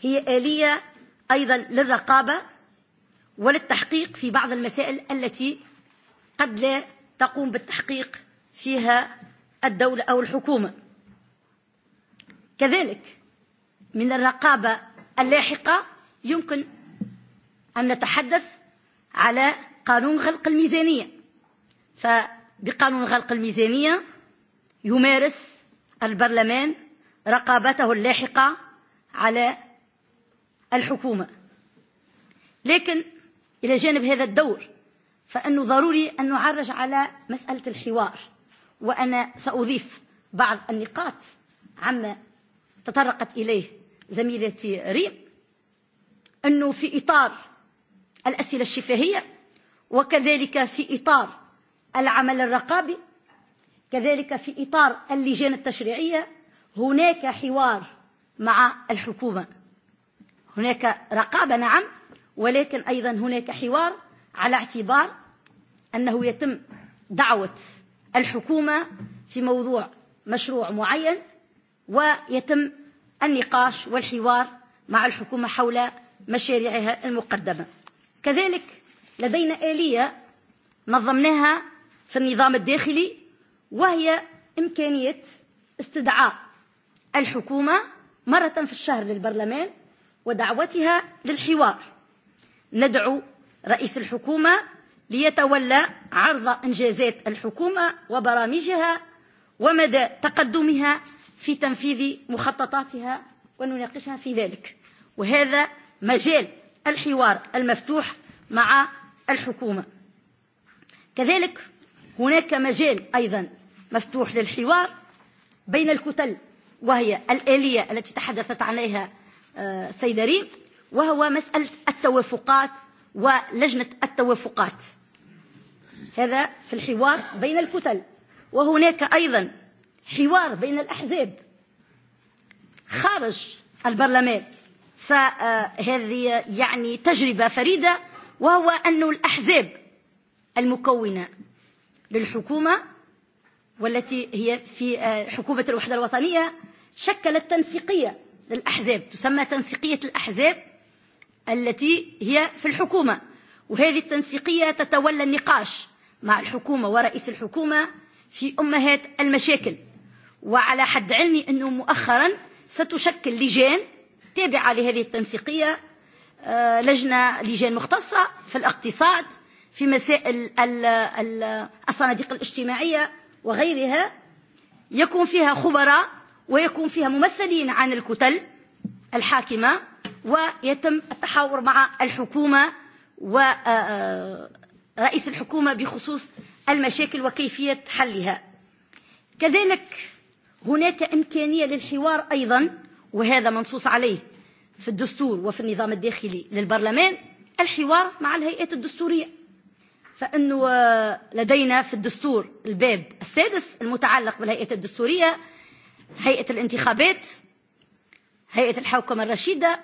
هي آلية أيضا للرقابة وللتحقيق في بعض المسائل التي قد لا تقوم بالتحقيق فيها الدولة أو الحكومة كذلك من الرقابة اللاحقة يمكن أن نتحدث على قانون غلق الميزانية فبقانون غلق الميزانية يمارس البرلمان رقابته اللاحقة على الحكومة لكن إلى جانب هذا الدور فأنه ضروري أن نعرج على مسألة الحوار وأنا سأضيف بعض النقاط عما تطرقت إليه زميلتي ريم أنه في إطار الأسئلة الشفاهية وكذلك في إطار العمل الرقابي كذلك في إطار اللجان التشريعية هناك حوار مع الحكومة هناك رقابة نعم ولكن أيضا هناك حوار على اعتبار أنه يتم دعوة الحكومة في موضوع مشروع معين ويتم النقاش والحوار مع الحكومة حول مشاريعها المقدمة كذلك لدينا آلية نظمناها في النظام الداخلي وهي إمكانية استدعاء الحكومة مرة في الشهر للبرلمان ودعوتها للحوار ندعو رئيس الحكومة ليتولى عرض إنجازات الحكومة وبرامجها ومدى تقدمها في تنفيذ مخططاتها ونناقشها في ذلك وهذا مجال الحوار المفتوح مع الحكومة كذلك هناك مجال أيضا مفتوح للحوار بين الكتل وهي الآلية التي تحدثت عليها السيدة ريم وهو مسألة التوافقات ولجنة التوافقات هذا في الحوار بين الكتل وهناك أيضا حوار بين الأحزاب خارج البرلمان فهذه يعني تجربة فريدة وهو أن الأحزاب المكونة للحكومة والتي هي في حكومة الوحدة الوطنية شكلت تنسيقية للأحزاب تسمى تنسيقية الأحزاب التي هي في الحكومة وهذه التنسيقية تتولى النقاش مع الحكومة ورئيس الحكومة في أمهات المشاكل وعلى حد علمي أنه مؤخرا ستشكل لجان تابعة لهذه التنسيقية لجنة لجان مختصة في الاقتصاد في مسائل الصناديق الاجتماعية وغيرها يكون فيها خبراء ويكون فيها ممثلين عن الكتل الحاكمة ويتم التحاور مع الحكومة ورئيس الحكومة بخصوص المشاكل وكيفية حلها كذلك هناك إمكانية للحوار أيضا وهذا منصوص عليه في الدستور وفي النظام الداخلي للبرلمان الحوار مع الهيئات الدستورية فأنه لدينا في الدستور الباب السادس المتعلق بالهيئة الدستورية هيئة الانتخابات هيئة الحوكمة الرشيدة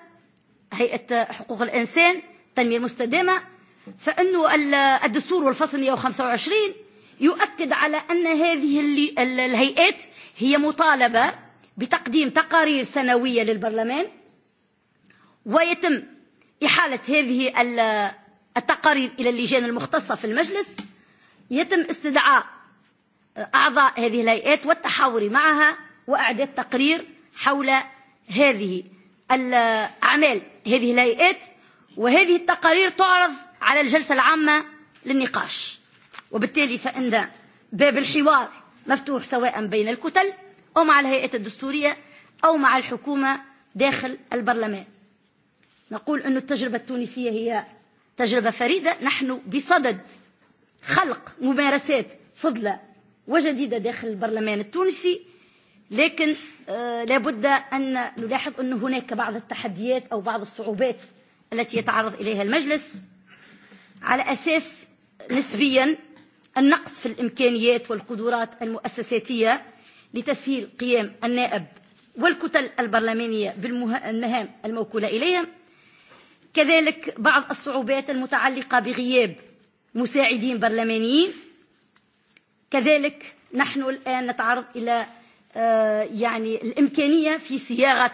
هيئة حقوق الإنسان تنمية مستدامة فأنه الدستور والفصل 125 يؤكد على أن هذه الهيئات هي مطالبة بتقديم تقارير سنوية للبرلمان ويتم إحالة هذه التقارير إلى اللجان المختصة في المجلس يتم استدعاء أعضاء هذه الهيئات والتحاور معها وأعداد تقرير حول هذه الأعمال هذه الهيئات وهذه التقارير تعرض على الجلسة العامة للنقاش وبالتالي فإن باب الحوار مفتوح سواء بين الكتل أو مع الهيئات الدستورية أو مع الحكومة داخل البرلمان نقول أن التجربة التونسية هي تجربة فريدة نحن بصدد خلق ممارسات فضلة وجديدة داخل البرلمان التونسي لكن لابد أن نلاحظ أن هناك بعض التحديات أو بعض الصعوبات التي يتعرض إليها المجلس على أساس نسبيا النقص في الإمكانيات والقدرات المؤسساتية لتسهيل قيام النائب والكتل البرلمانية بالمهام الموكولة إليهم كذلك بعض الصعوبات المتعلقة بغياب مساعدين برلمانيين كذلك نحن الآن نتعرض إلى يعني الإمكانية في صياغة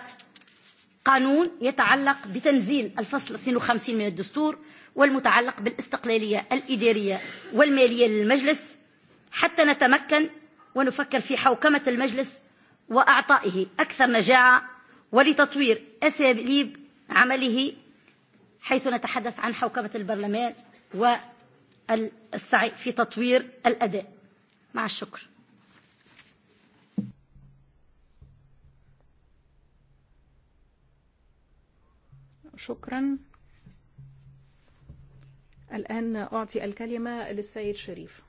قانون يتعلق بتنزيل الفصل 52 من الدستور والمتعلق بالاستقلالية الإدارية والمالية للمجلس حتى نتمكن ونفكر في حوكمة المجلس وأعطائه أكثر نجاعة ولتطوير أساليب عمله حيث نتحدث عن حوكمة البرلمان والسعي في تطوير الأداء مع الشكر شكرا الآن أعطي الكلمة للسيد شريف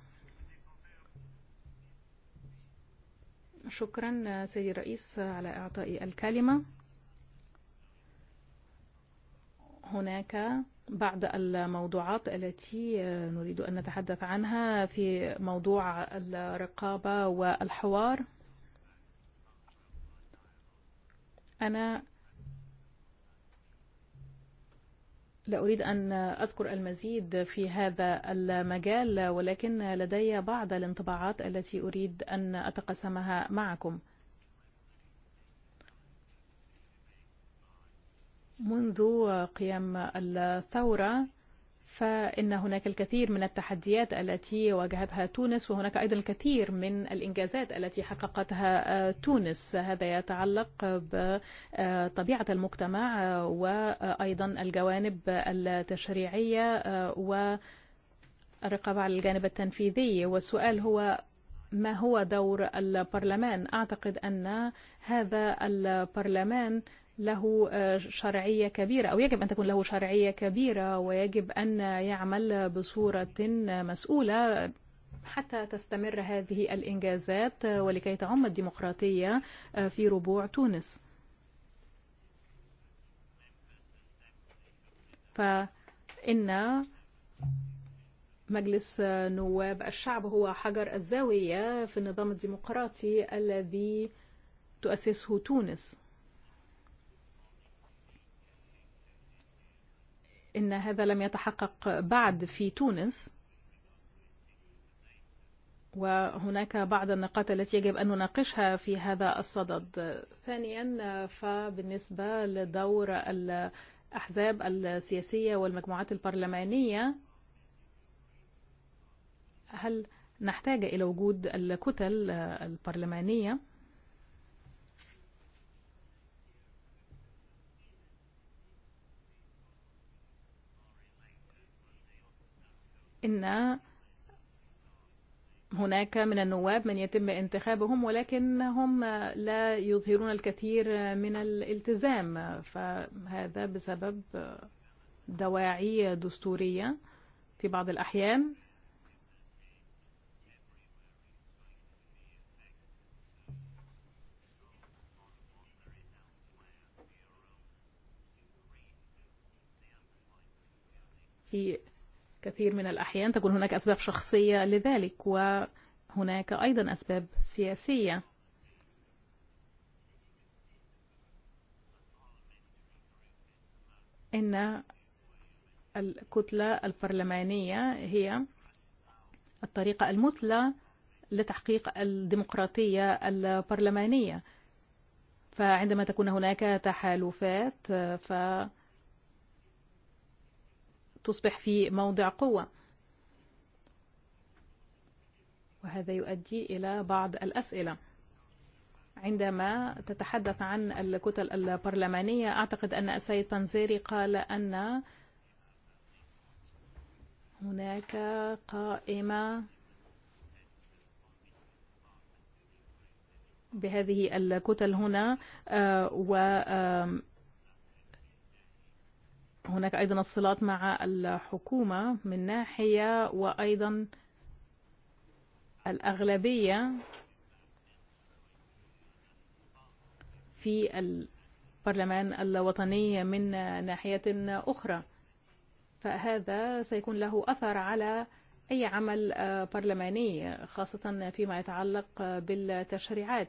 شكرا سيد الرئيس على إعطائي الكلمة هناك بعض الموضوعات التي نريد أن نتحدث عنها في موضوع الرقابة والحوار أنا لا أريد أن أذكر المزيد في هذا المجال ولكن لدي بعض الانطباعات التي أريد أن أتقسمها معكم منذ قيام الثورة فإن هناك الكثير من التحديات التي واجهتها تونس وهناك أيضا الكثير من الإنجازات التي حققتها تونس هذا يتعلق بطبيعة المجتمع وأيضا الجوانب التشريعية والرقابة على الجانب التنفيذي والسؤال هو ما هو دور البرلمان أعتقد أن هذا البرلمان له شرعية كبيرة أو يجب أن تكون له شرعية كبيرة ويجب أن يعمل بصورة مسؤولة حتى تستمر هذه الإنجازات ولكي تعم الديمقراطية في ربوع تونس فإن مجلس نواب الشعب هو حجر الزاوية في النظام الديمقراطي الذي تؤسسه تونس إن هذا لم يتحقق بعد في تونس وهناك بعض النقاط التي يجب أن نناقشها في هذا الصدد ثانيا فبالنسبة لدور الأحزاب السياسية والمجموعات البرلمانية هل نحتاج إلى وجود الكتل البرلمانية؟ ان هناك من النواب من يتم انتخابهم ولكنهم لا يظهرون الكثير من الالتزام فهذا بسبب دواعي دستورية في بعض الأحيان في كثير من الأحيان تكون هناك أسباب شخصية لذلك وهناك أيضا أسباب سياسية إن الكتلة البرلمانية هي الطريقة المثلى لتحقيق الديمقراطية البرلمانية فعندما تكون هناك تحالفات فهناك تصبح في موضع قوة وهذا يؤدي إلى بعض الأسئلة عندما تتحدث عن الكتل البرلمانية أعتقد أن السيد بانزيري قال أن هناك قائمة بهذه الكتل هنا و هناك أيضا الصلات مع الحكومة من ناحية وأيضا الأغلبية في البرلمان الوطني من ناحية أخرى فهذا سيكون له أثر على أي عمل برلماني خاصة فيما يتعلق بالتشريعات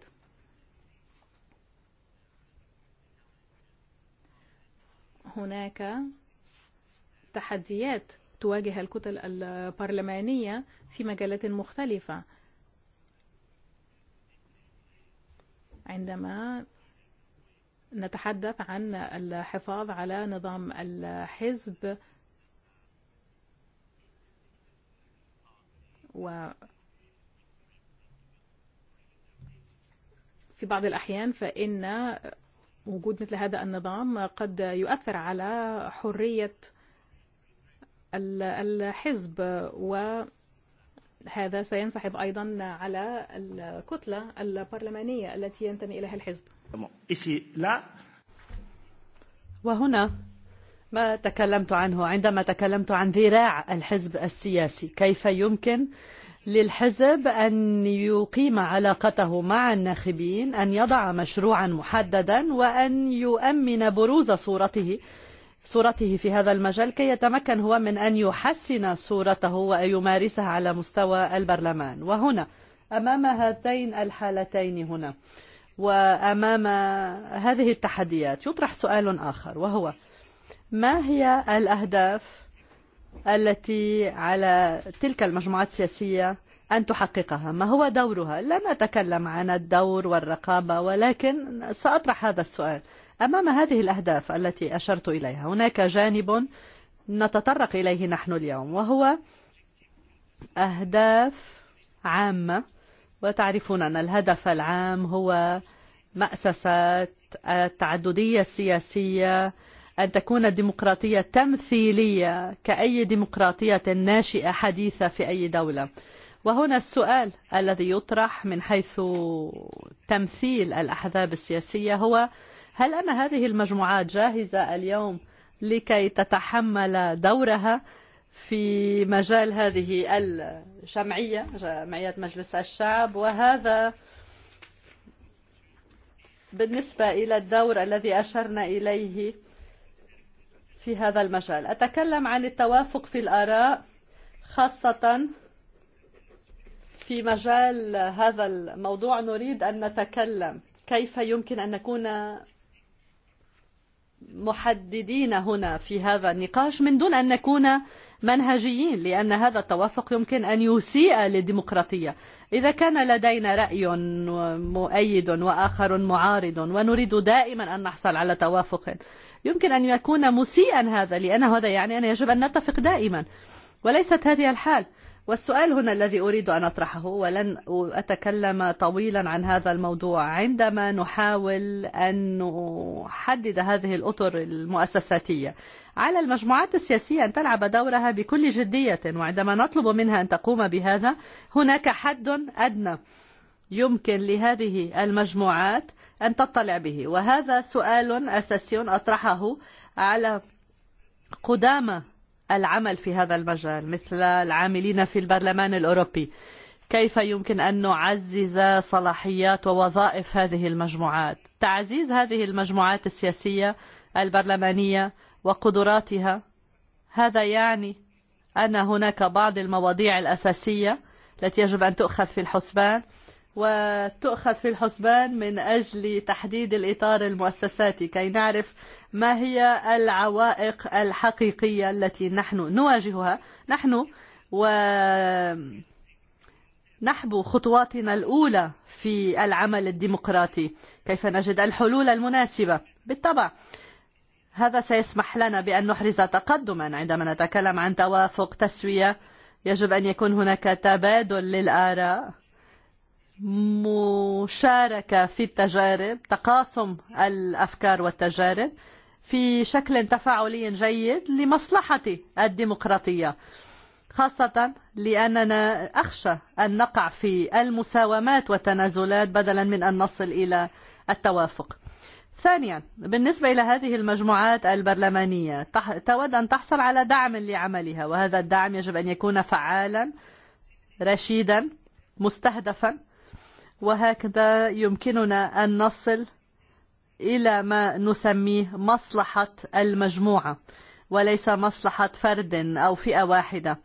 هناك تحديات تواجه الكتل البرلمانية في مجالات مختلفة عندما نتحدث عن الحفاظ على نظام الحزب و في بعض الأحيان فإن وجود مثل هذا النظام قد يؤثر على حرية الحزب وهذا سينسحب أيضا على الكتلة البرلمانية التي ينتمي إليها الحزب وهنا ما تكلمت عنه عندما تكلمت عن ذراع الحزب السياسي كيف يمكن للحزب أن يقيم علاقته مع الناخبين أن يضع مشروعا محددا وأن يؤمن بروز صورته صورته في هذا المجال كي يتمكن هو من أن يحسن صورته ويمارسها على مستوى البرلمان وهنا أمام هاتين الحالتين هنا وأمام هذه التحديات يطرح سؤال آخر وهو ما هي الأهداف التي على تلك المجموعات السياسية أن تحققها ما هو دورها؟ لا نتكلم عن الدور والرقابة ولكن سأطرح هذا السؤال أمام هذه الأهداف التي أشرت إليها هناك جانب نتطرق إليه نحن اليوم وهو أهداف عامة وتعرفون أن الهدف العام هو مأسسات التعددية السياسية أن تكون الديمقراطية تمثيلية كأي ديمقراطية ناشئة حديثة في أي دولة وهنا السؤال الذي يطرح من حيث تمثيل الأحزاب السياسية هو هل أن هذه المجموعات جاهزة اليوم لكي تتحمل دورها في مجال هذه الجمعية جمعية مجلس الشعب وهذا بالنسبة إلى الدور الذي أشرنا إليه في هذا المجال أتكلم عن التوافق في الآراء خاصة في مجال هذا الموضوع نريد أن نتكلم كيف يمكن أن نكون محددين هنا في هذا النقاش من دون أن نكون منهجيين لأن هذا التوافق يمكن أن يسيء للديمقراطية إذا كان لدينا رأي مؤيد وآخر معارض ونريد دائما أن نحصل على توافق يمكن أن يكون مسيئا هذا لأن هذا يعني أن يجب أن نتفق دائما وليست هذه الحال والسؤال هنا الذي أريد أن أطرحه ولن أتكلم طويلا عن هذا الموضوع عندما نحاول أن نحدد هذه الأطر المؤسساتية على المجموعات السياسية أن تلعب دورها بكل جدية وعندما نطلب منها أن تقوم بهذا هناك حد أدنى يمكن لهذه المجموعات أن تطلع به وهذا سؤال أساسي أطرحه على قدامى العمل في هذا المجال مثل العاملين في البرلمان الأوروبي كيف يمكن أن نعزز صلاحيات ووظائف هذه المجموعات تعزيز هذه المجموعات السياسية البرلمانية وقدراتها هذا يعني أن هناك بعض المواضيع الأساسية التي يجب أن تؤخذ في الحسبان وتؤخذ في الحسبان من أجل تحديد الإطار المؤسساتي كي نعرف ما هي العوائق الحقيقية التي نحن نواجهها نحن و خطواتنا الأولى في العمل الديمقراطي كيف نجد الحلول المناسبة بالطبع هذا سيسمح لنا بأن نحرز تقدما عندما نتكلم عن توافق تسوية يجب أن يكون هناك تبادل للآراء مشاركة في التجارب تقاسم الأفكار والتجارب في شكل تفاعلي جيد لمصلحة الديمقراطية خاصة لأننا أخشى أن نقع في المساومات والتنازلات بدلا من أن نصل إلى التوافق ثانيا بالنسبة إلى هذه المجموعات البرلمانية تود أن تحصل على دعم لعملها وهذا الدعم يجب أن يكون فعالا رشيدا مستهدفا وهكذا يمكننا أن نصل إلى ما نسميه مصلحة المجموعة وليس مصلحة فرد أو فئة واحدة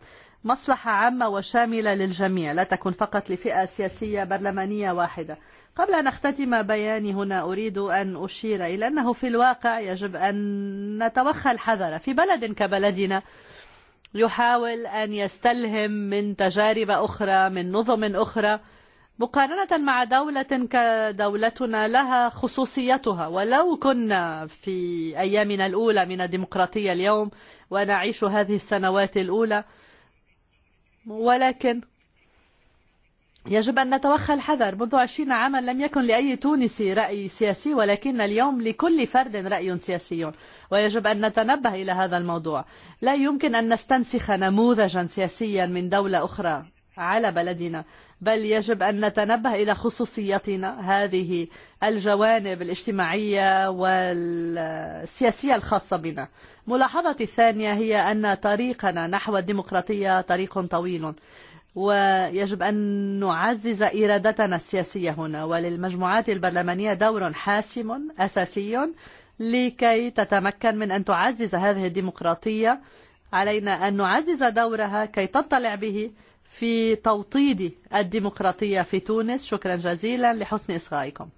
مصلحة عامة وشاملة للجميع لا تكون فقط لفئة سياسية برلمانية واحدة قبل أن أختتم بياني هنا أريد أن أشير إلى أنه في الواقع يجب أن نتوخى الحذر في بلد كبلدنا يحاول أن يستلهم من تجارب أخرى من نظم أخرى مقارنة مع دولة كدولتنا لها خصوصيتها ولو كنا في أيامنا الأولى من الديمقراطية اليوم ونعيش هذه السنوات الأولى ولكن يجب أن نتوخى الحذر منذ عشرين عاما لم يكن لأي تونسي رأي سياسي ولكن اليوم لكل فرد رأي سياسي ويجب أن نتنبه إلى هذا الموضوع لا يمكن أن نستنسخ نموذجا سياسيا من دولة أخرى على بلدنا بل يجب أن نتنبه إلى خصوصيتنا هذه الجوانب الاجتماعية والسياسية الخاصة بنا ملاحظة الثانية هي أن طريقنا نحو الديمقراطية طريق طويل ويجب أن نعزز إرادتنا السياسية هنا وللمجموعات البرلمانية دور حاسم أساسي لكي تتمكن من أن تعزز هذه الديمقراطية علينا أن نعزز دورها كي تطلع به في توطيد الديمقراطية في تونس شكرا جزيلا لحسن إصغائكم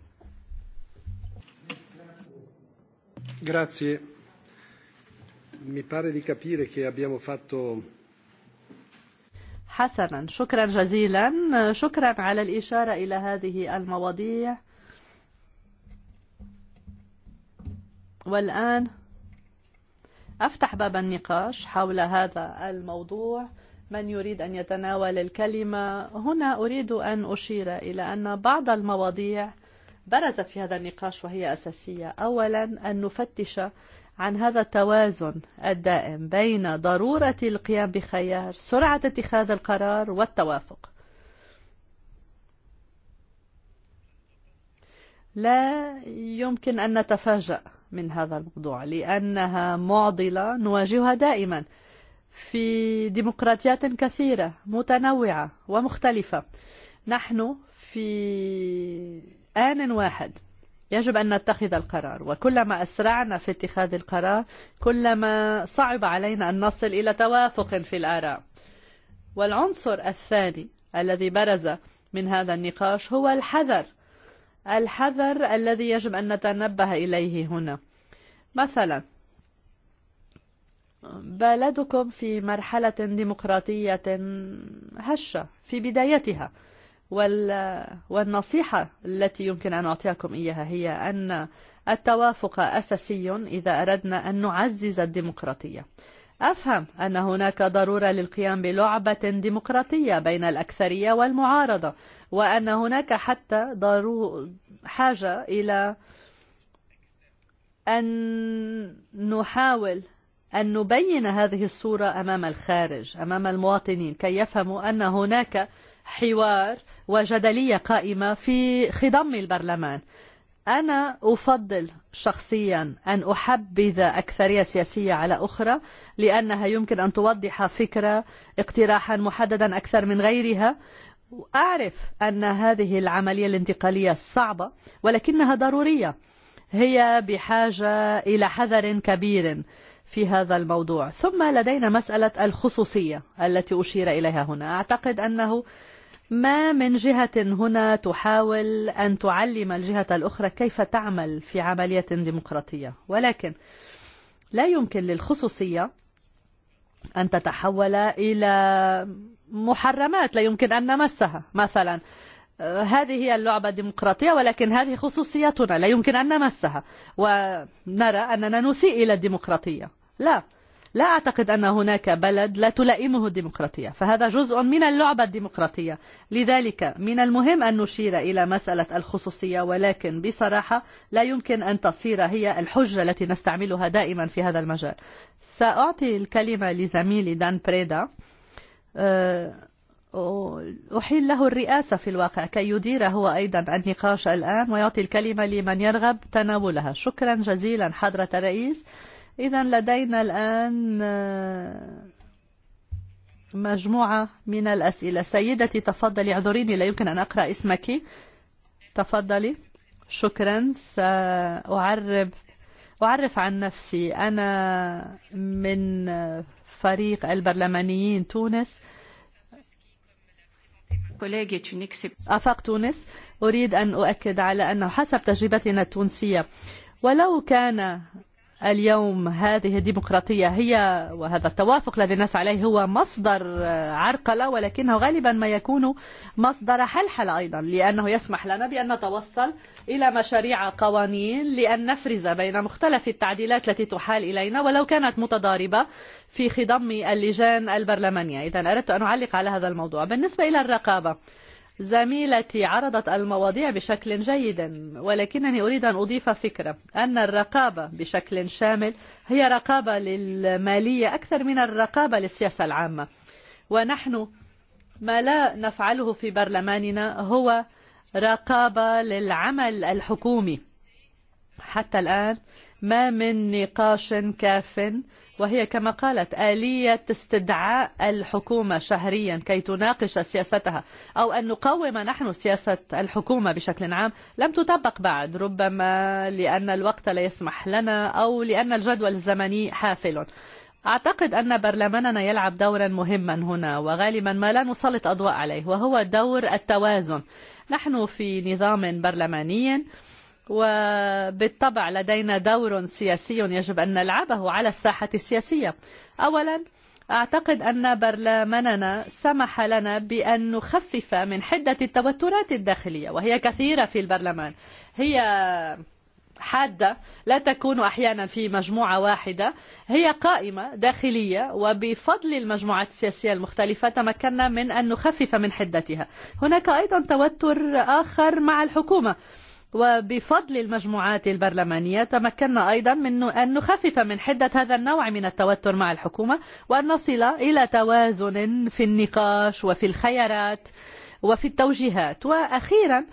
Grazie. Mi pare di capire che abbiamo fatto حسنا شكرا جزيلا شكرا على الإشارة إلى هذه المواضيع والآن أفتح باب النقاش حول هذا الموضوع من يريد أن يتناول الكلمة هنا أريد أن أشير إلى أن بعض المواضيع برزت في هذا النقاش وهي أساسية أولا أن نفتش عن هذا التوازن الدائم بين ضرورة القيام بخيار سرعة اتخاذ القرار والتوافق لا يمكن أن نتفاجأ من هذا الموضوع لأنها معضلة نواجهها دائماً في ديمقراطيات كثيرة متنوعة ومختلفة نحن في آن واحد يجب أن نتخذ القرار وكلما أسرعنا في اتخاذ القرار كلما صعب علينا أن نصل إلى توافق في الآراء والعنصر الثاني الذي برز من هذا النقاش هو الحذر الحذر الذي يجب أن نتنبه إليه هنا مثلا بلدكم في مرحلة ديمقراطية هشة في بدايتها وال... والنصيحة التي يمكن أن أعطيكم إياها هي أن التوافق أساسي إذا أردنا أن نعزز الديمقراطية أفهم أن هناك ضرورة للقيام بلعبة ديمقراطية بين الأكثرية والمعارضة وأن هناك حتى ضرو حاجة إلى أن نحاول أن نبين هذه الصورة أمام الخارج أمام المواطنين كي يفهموا أن هناك حوار وجدلية قائمة في خضم البرلمان أنا أفضل شخصيا أن أحبذ أكثرية سياسية على أخرى لأنها يمكن أن توضح فكرة اقتراحا محددا أكثر من غيرها أعرف أن هذه العملية الانتقالية صعبة ولكنها ضرورية هي بحاجة إلى حذر كبير في هذا الموضوع ثم لدينا مسألة الخصوصية التي أشير إليها هنا أعتقد أنه ما من جهة هنا تحاول أن تعلم الجهة الأخرى كيف تعمل في عملية ديمقراطية ولكن لا يمكن للخصوصية أن تتحول إلى محرمات لا يمكن أن نمسها مثلا هذه هي اللعبة الديمقراطية ولكن هذه خصوصيتنا لا يمكن أن نمسها ونرى أننا نسيء إلى الديمقراطية لا لا أعتقد أن هناك بلد لا تلائمه الديمقراطية فهذا جزء من اللعبة الديمقراطية لذلك من المهم أن نشير إلى مسألة الخصوصية ولكن بصراحة لا يمكن أن تصير هي الحجة التي نستعملها دائما في هذا المجال سأعطي الكلمة لزميلي دان بريدا أحيل له الرئاسة في الواقع كي يدير هو أيضا النقاش الآن ويعطي الكلمة لمن يرغب تناولها شكرا جزيلا حضرة الرئيس إذا لدينا الآن مجموعة من الأسئلة سيدتي تفضلي اعذريني لا يمكن أن أقرأ اسمك تفضلي شكرا سأعرب أعرف عن نفسي أنا من فريق البرلمانيين تونس أفاق تونس أريد أن أؤكد على أنه حسب تجربتنا التونسية ولو كان اليوم هذه الديمقراطية هي وهذا التوافق الذي نسعى عليه هو مصدر عرقلة ولكنه غالبا ما يكون مصدر حلحلة أيضا لأنه يسمح لنا بأن نتوصل إلى مشاريع قوانين لأن نفرز بين مختلف التعديلات التي تحال إلينا ولو كانت متضاربة في خضم اللجان البرلمانية إذا أردت أن أعلق على هذا الموضوع بالنسبة إلى الرقابة زميلتي عرضت المواضيع بشكل جيد ولكنني أريد أن أضيف فكرة أن الرقابة بشكل شامل هي رقابة للمالية أكثر من الرقابة للسياسة العامة ونحن ما لا نفعله في برلماننا هو رقابة للعمل الحكومي حتى الآن ما من نقاش كاف وهي كما قالت آلية استدعاء الحكومة شهريا كي تناقش سياستها أو أن نقوم نحن سياسة الحكومة بشكل عام لم تطبق بعد ربما لأن الوقت لا يسمح لنا أو لأن الجدول الزمني حافل أعتقد أن برلماننا يلعب دورا مهما هنا وغالبا ما لا نسلط أضواء عليه وهو دور التوازن نحن في نظام برلماني وبالطبع لدينا دور سياسي يجب أن نلعبه على الساحة السياسية أولا أعتقد أن برلماننا سمح لنا بأن نخفف من حدة التوترات الداخلية وهي كثيرة في البرلمان هي حادة لا تكون أحيانا في مجموعة واحدة هي قائمة داخلية وبفضل المجموعات السياسية المختلفة تمكنا من أن نخفف من حدتها هناك أيضا توتر آخر مع الحكومة وبفضل المجموعات البرلمانية تمكنا أيضا من أن نخفف من حدة هذا النوع من التوتر مع الحكومة وأن نصل إلى توازن في النقاش وفي الخيارات وفي التوجيهات وأخيرا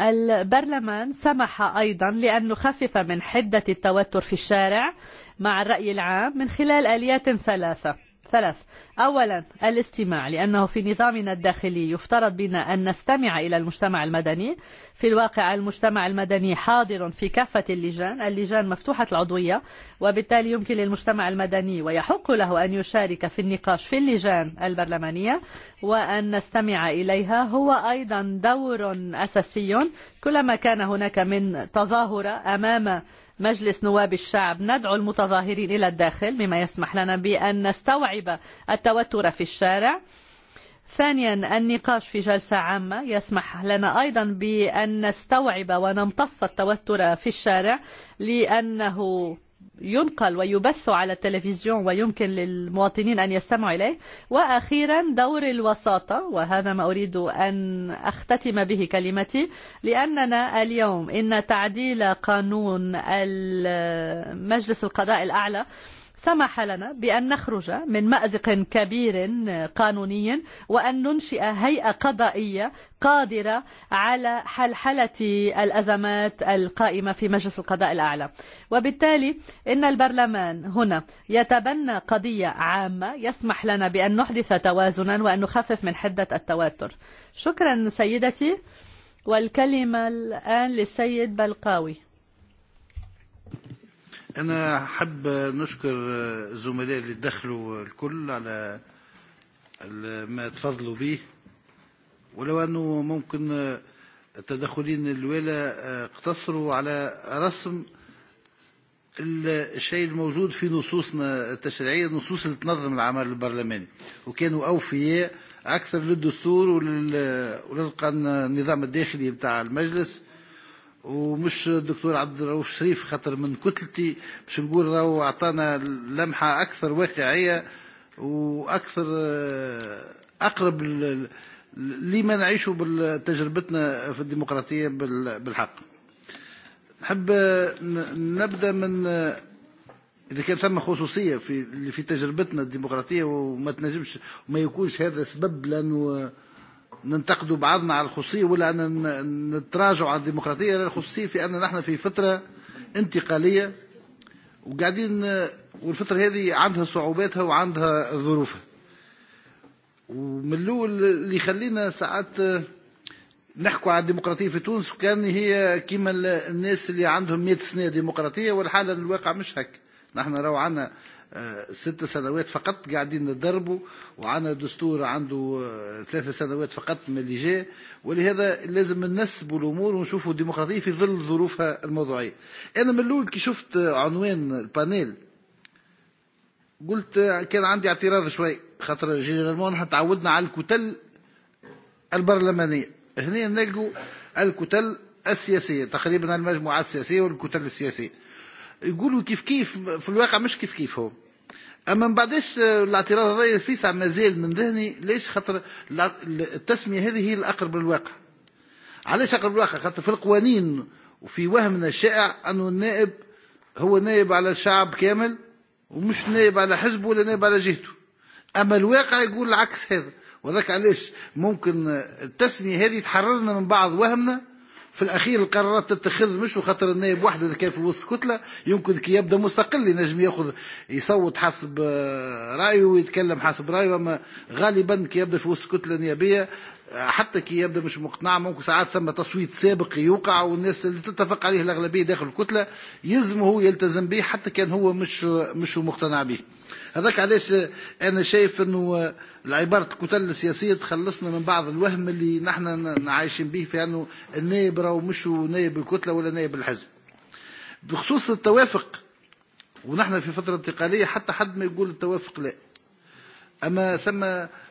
البرلمان سمح أيضا لأن نخفف من حدة التوتر في الشارع مع الرأي العام من خلال آليات ثلاثة ثلاث أولا الاستماع لأنه في نظامنا الداخلي يفترض بنا أن نستمع إلى المجتمع المدني في الواقع المجتمع المدني حاضر في كافة اللجان اللجان مفتوحة العضوية وبالتالي يمكن للمجتمع المدني ويحق له أن يشارك في النقاش في اللجان البرلمانية وأن نستمع إليها هو أيضا دور أساسي كلما كان هناك من تظاهرة أمام مجلس نواب الشعب ندعو المتظاهرين إلى الداخل مما يسمح لنا بأن نستوعب التوتر في الشارع ثانيا النقاش في جلسة عامة يسمح لنا أيضا بأن نستوعب ونمتص التوتر في الشارع لأنه ينقل ويبث على التلفزيون ويمكن للمواطنين أن يستمعوا إليه وأخيرا دور الوساطة وهذا ما أريد أن أختتم به كلمتي لأننا اليوم إن تعديل قانون مجلس القضاء الأعلى سمح لنا بأن نخرج من مأزق كبير قانوني وأن ننشئ هيئة قضائية قادرة على حلحلة الأزمات القائمة في مجلس القضاء الأعلى وبالتالي إن البرلمان هنا يتبنى قضية عامة يسمح لنا بأن نحدث توازنا وأن نخفف من حدة التوتر شكرا سيدتي والكلمة الآن للسيد بلقاوي انا حب نشكر الزملاء اللي دخلوا الكل على ما تفضلوا به ولو انه ممكن التدخلين الولا اقتصروا على رسم الشيء الموجود في نصوصنا التشريعية النصوص اللي تنظم العمل البرلماني وكانوا اوفياء اكثر للدستور وللنظام الداخلي بتاع المجلس ومش الدكتور عبد الرؤوف شريف خاطر من كتلتي باش نقول راهو اعطانا لمحه اكثر واقعيه واكثر اقرب لما نعيشه بتجربتنا في الديمقراطيه بالحق نحب نبدا من اذا كان ثم خصوصيه في في تجربتنا الديمقراطيه وما تنجمش وما يكونش هذا سبب لانه ننتقدوا بعضنا على الخصوصيه ولا نتراجعوا عن الديمقراطيه إلى الخصوصية في ان نحن في فتره انتقاليه وقاعدين والفتره هذه عندها صعوباتها وعندها ظروفها ومن الاول اللي يخلينا ساعات نحكوا على الديمقراطية في تونس كان هي كيما الناس اللي عندهم 100 سنه ديمقراطيه والحاله الواقع مش هك نحن راهو عندنا ست سنوات فقط قاعدين نضربوا وعنا دستور عنده ثلاث سنوات فقط من اللي جاء ولهذا لازم ننسبوا الامور ونشوفوا الديمقراطيه في ظل ظروفها الموضوعيه. انا من الاول كي شفت عنوان البانيل قلت كان عندي اعتراض شوي خاطر جينيرالمون نحن تعودنا على الكتل البرلمانيه هنا نلقوا الكتل السياسيه تقريبا المجموعه السياسيه والكتل السياسيه يقولوا كيف كيف في الواقع مش كيف كيفهم أما من بعدش الاعتراض هذا في ما زال من ذهني ليش خاطر التسمية هذه هي الأقرب للواقع علاش أقرب للواقع خاطر في القوانين وفي وهمنا الشائع أنه النائب هو نائب على الشعب كامل ومش نائب على حزبه ولا نائب على جهته أما الواقع يقول العكس هذا وذاك علاش ممكن التسمية هذه تحررنا من بعض وهمنا في الأخير القرارات تتخذ مش وخاطر النائب وحده اللي كان في وسط كتلة يمكن كي يبدأ مستقل ينجم ياخذ يصوت حسب رأيه ويتكلم حسب رأيه أما غالبا كي يبدأ في وسط كتلة نيابية حتى كي يبدا مش مقتنع ممكن ساعات ثم تصويت سابق يوقع والناس اللي تتفق عليه الاغلبيه داخل الكتله يلزم هو يلتزم به حتى كان هو مش مش مقتنع به. هذاك علاش انا شايف انه العبارة الكتل السياسية تخلصنا من بعض الوهم اللي نحن عايشين به في انه النائب راهو مش نائب الكتلة ولا نائب الحزب بخصوص التوافق ونحن في فترة انتقالية حتى حد ما يقول التوافق لا أما ثم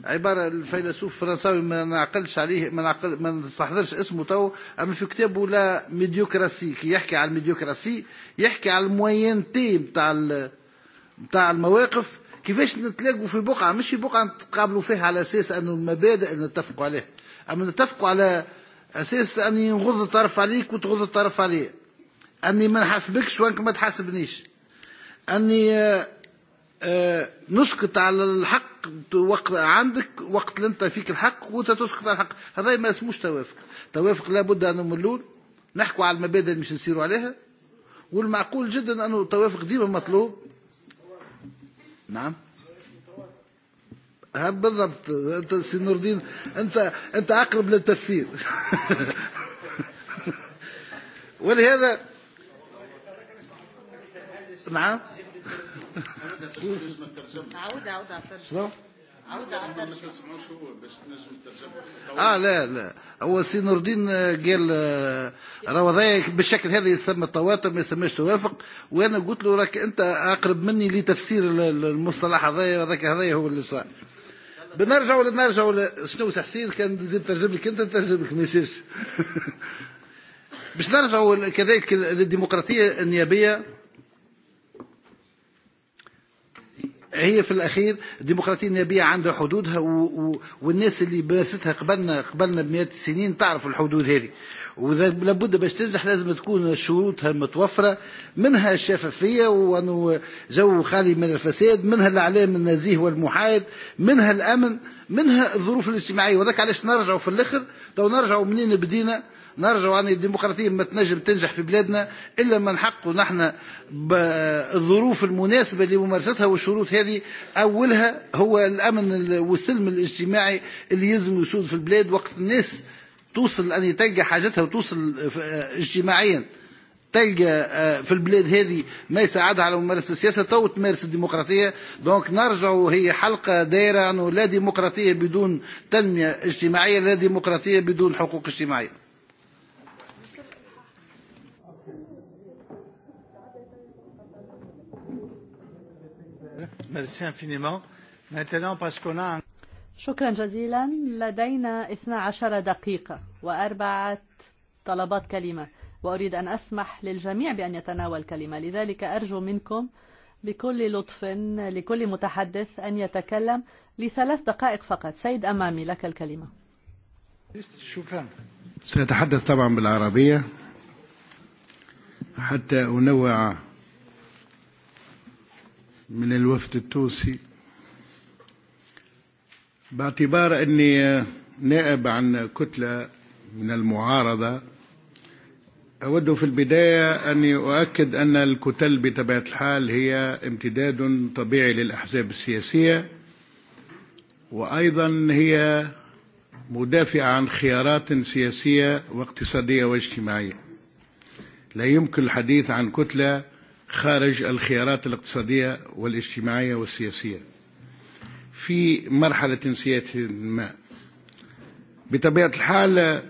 عبارة الفيلسوف الفرنساوي ما نعقلش عليه ما نعقل ما نستحضرش اسمه تو أما في كتابه لا ميديوكراسي كي يحكي على الميديوكراسي يحكي على الموينتي بتاع نتاع المواقف كيفاش نتلاقوا في بقعة مش بقعة نتقابلوا فيها على أساس أن المبادئ نتفقوا عليها أما نتفقوا على أساس أني نغض الطرف عليك وتغض الطرف عليا أني ما نحاسبكش وأنك ما تحاسبنيش أني نسكت على الحق وقت عندك وقت اللي أنت فيك الحق وأنت تسكت على الحق هذا ما اسموش توافق توافق لابد أنه ملول نحكوا على المبادئ اللي مش نسيروا عليها والمعقول جدا أنه التوافق ديما مطلوب نعم بالضبط انت سي نور الدين انت انت اقرب للتفسير ولهذا نعم عاود عاود اه ah, لا لا هو سي نور الدين قال راه بالشكل هذا يسمى التواتر ما يسماش توافق وانا قلت له راك انت اقرب مني لتفسير المصطلح هذايا هذاك هذايا هو اللي صار بنرجع ولا نرجع ولا شنو تحسين كان تزيد ترجم لك انت ترجم لك ما يصيرش باش نرجعوا كذلك للديمقراطيه النيابيه هي في الأخير الديمقراطية النبية عندها حدودها و... و... والناس اللي مارستها قبلنا قبلنا بمئات السنين تعرف الحدود هذه وإذا لابد باش تنجح لازم تكون شروطها متوفرة منها الشفافية وأنه جو خالي من الفساد منها الإعلام النزيه والمحايد منها الأمن منها الظروف الاجتماعية وذاك علاش نرجعوا في الآخر لو نرجعوا منين بدينا نرجع عن الديمقراطية ما تنجم تنجح في بلادنا إلا ما نحقوا نحن بالظروف المناسبة لممارستها والشروط هذه أولها هو الأمن والسلم الاجتماعي اللي يلزم يسود في البلاد وقت الناس توصل أن تلقى حاجتها وتوصل اجتماعيا تلقى في البلاد هذه ما يساعدها على ممارسة السياسة تو تمارس الديمقراطية دونك نرجع هي حلقة دائرة أنه لا ديمقراطية بدون تنمية اجتماعية لا ديمقراطية بدون حقوق اجتماعية Merci infiniment. Maintenant, parce qu'on a... شكرا جزيلا لدينا 12 دقيقة وأربعة طلبات كلمة وأريد أن أسمح للجميع بأن يتناول كلمة لذلك أرجو منكم بكل لطف لكل متحدث أن يتكلم لثلاث دقائق فقط سيد أمامي لك الكلمة شكرا سأتحدث طبعا بالعربية حتى أنوع من الوفد التونسي باعتبار أني نائب عن كتلة من المعارضة أود في البداية أن أؤكد أن الكتل بطبيعة الحال هي امتداد طبيعي للأحزاب السياسية وأيضا هي مدافعة عن خيارات سياسية واقتصادية واجتماعية لا يمكن الحديث عن كتلة خارج الخيارات الاقتصادية والاجتماعية والسياسية في مرحلة سياسية ما بطبيعة الحال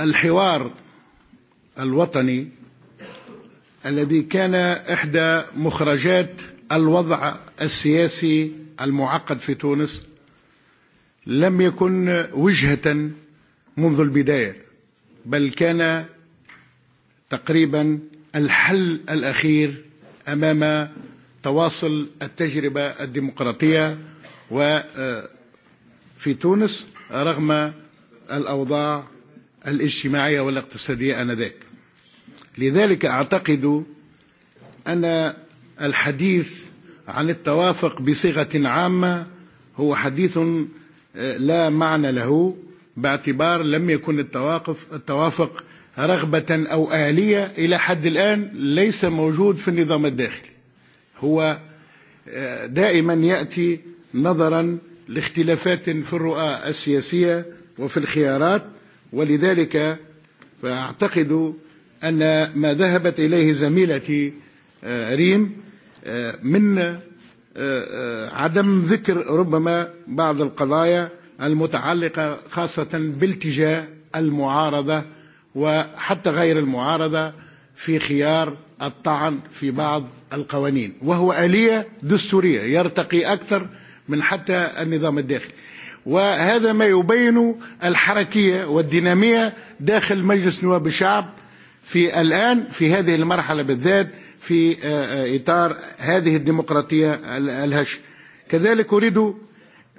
الحوار الوطني الذي كان إحدى مخرجات الوضع السياسي المعقد في تونس لم يكن وجهة منذ البداية بل كان تقريبا الحل الأخير أمام تواصل التجربة الديمقراطية وفي تونس رغم الأوضاع الاجتماعية والاقتصادية آنذاك لذلك أعتقد أن الحديث عن التوافق بصيغة عامة هو حديث لا معنى له باعتبار لم يكن التوافق التوافق رغبة أو آلية إلى حد الآن ليس موجود في النظام الداخلي هو دائما يأتي نظرا لاختلافات في الرؤى السياسية وفي الخيارات ولذلك فأعتقد أن ما ذهبت إليه زميلتي ريم من عدم ذكر ربما بعض القضايا المتعلقة خاصة بالتجاه المعارضة وحتى غير المعارضة في خيار الطعن في بعض القوانين وهو آلية دستورية يرتقي أكثر من حتى النظام الداخلي وهذا ما يبين الحركية والدينامية داخل مجلس نواب الشعب في الآن في هذه المرحلة بالذات في إطار هذه الديمقراطية الهش كذلك أريد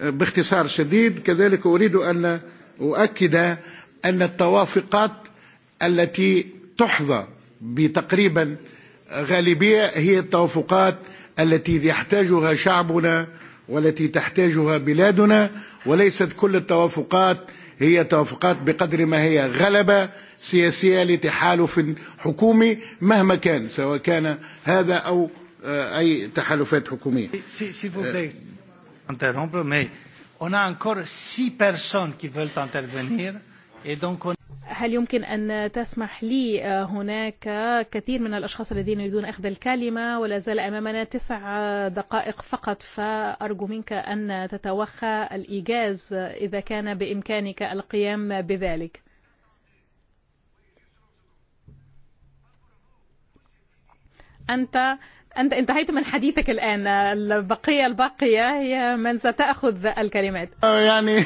باختصار شديد كذلك أريد أن أؤكد أن التوافقات التي تحظى بتقريبا غالبية هي التوافقات التي يحتاجها شعبنا والتي تحتاجها بلادنا وليست كل التوافقات هي توافقات بقدر ما هي غلبة سياسية لتحالف حكومي مهما كان سواء كان هذا أو أي تحالفات حكومية interrompre, mais on a encore six personnes qui veulent intervenir et donc on هل يمكن أن تسمح لي هناك كثير من الأشخاص الذين يريدون أخذ الكلمة ولا زال أمامنا تسع دقائق فقط فأرجو منك أن تتوخى الإيجاز إذا كان بإمكانك القيام بذلك أنت أنت انتهيت من حديثك الآن البقية الباقية هي من ستأخذ الكلمات يعني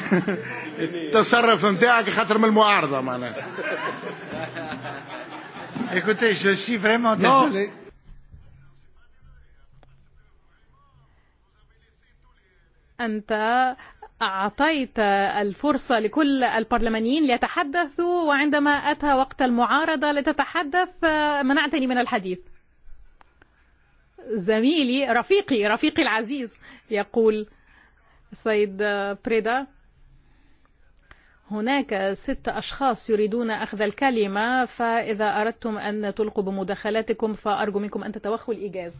التصرف متاعك خاطر من المعارضة معناها Écoutez, شي suis vraiment désolé. أنت أعطيت الفرصة لكل البرلمانيين ليتحدثوا وعندما أتى وقت المعارضة لتتحدث منعتني من الحديث زميلي رفيقي رفيقي العزيز يقول سيد بريدا هناك ست أشخاص يريدون أخذ الكلمة فإذا أردتم أن تلقوا بمداخلاتكم فأرجو منكم أن تتوخوا الإيجاز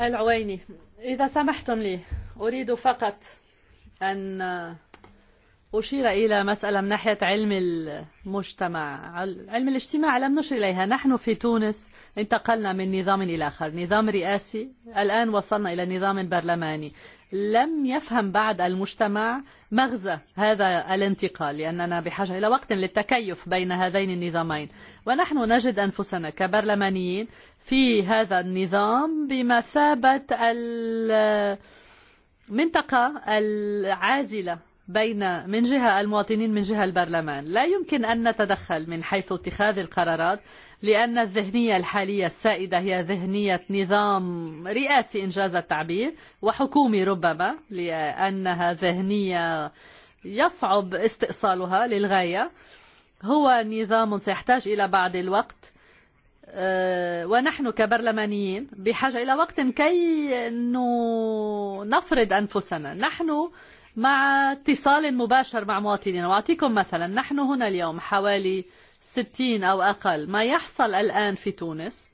العويني إذا سمحتم لي أريد فقط أن أشير إلى مسألة من ناحية علم المجتمع علم الاجتماع لم نشر إليها نحن في تونس انتقلنا من نظام إلى آخر نظام رئاسي الآن وصلنا إلى نظام برلماني لم يفهم بعد المجتمع مغزى هذا الانتقال لأننا بحاجة إلى وقت للتكيف بين هذين النظامين ونحن نجد أنفسنا كبرلمانيين في هذا النظام بمثابة المنطقة العازلة بين من جهة المواطنين من جهة البرلمان لا يمكن أن نتدخل من حيث اتخاذ القرارات لأن الذهنية الحالية السائدة هي ذهنية نظام رئاسي إنجاز التعبير وحكومي ربما لأنها ذهنية يصعب استئصالها للغاية هو نظام سيحتاج إلى بعض الوقت ونحن كبرلمانيين بحاجة إلى وقت كي نفرض أنفسنا نحن مع اتصال مباشر مع مواطنين وأعطيكم مثلا نحن هنا اليوم حوالي 60 أو أقل ما يحصل الآن في تونس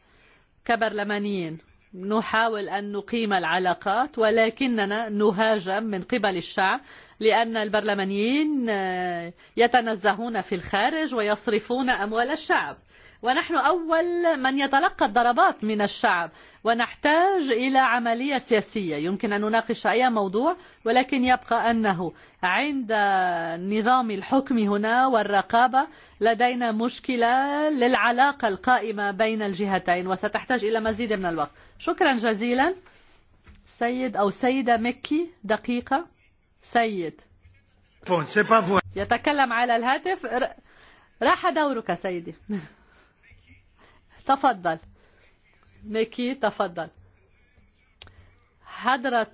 كبرلمانيين نحاول أن نقيم العلاقات ولكننا نهاجم من قبل الشعب لأن البرلمانيين يتنزهون في الخارج ويصرفون أموال الشعب ونحن أول من يتلقى الضربات من الشعب ونحتاج إلى عملية سياسية يمكن أن نناقش أي موضوع ولكن يبقى أنه عند نظام الحكم هنا والرقابة لدينا مشكلة للعلاقة القائمة بين الجهتين وستحتاج إلى مزيد من الوقت شكرا جزيلا سيد أو سيدة مكي دقيقة سيد يتكلم على الهاتف راح دورك سيدي تفضل ميكي تفضل حضرة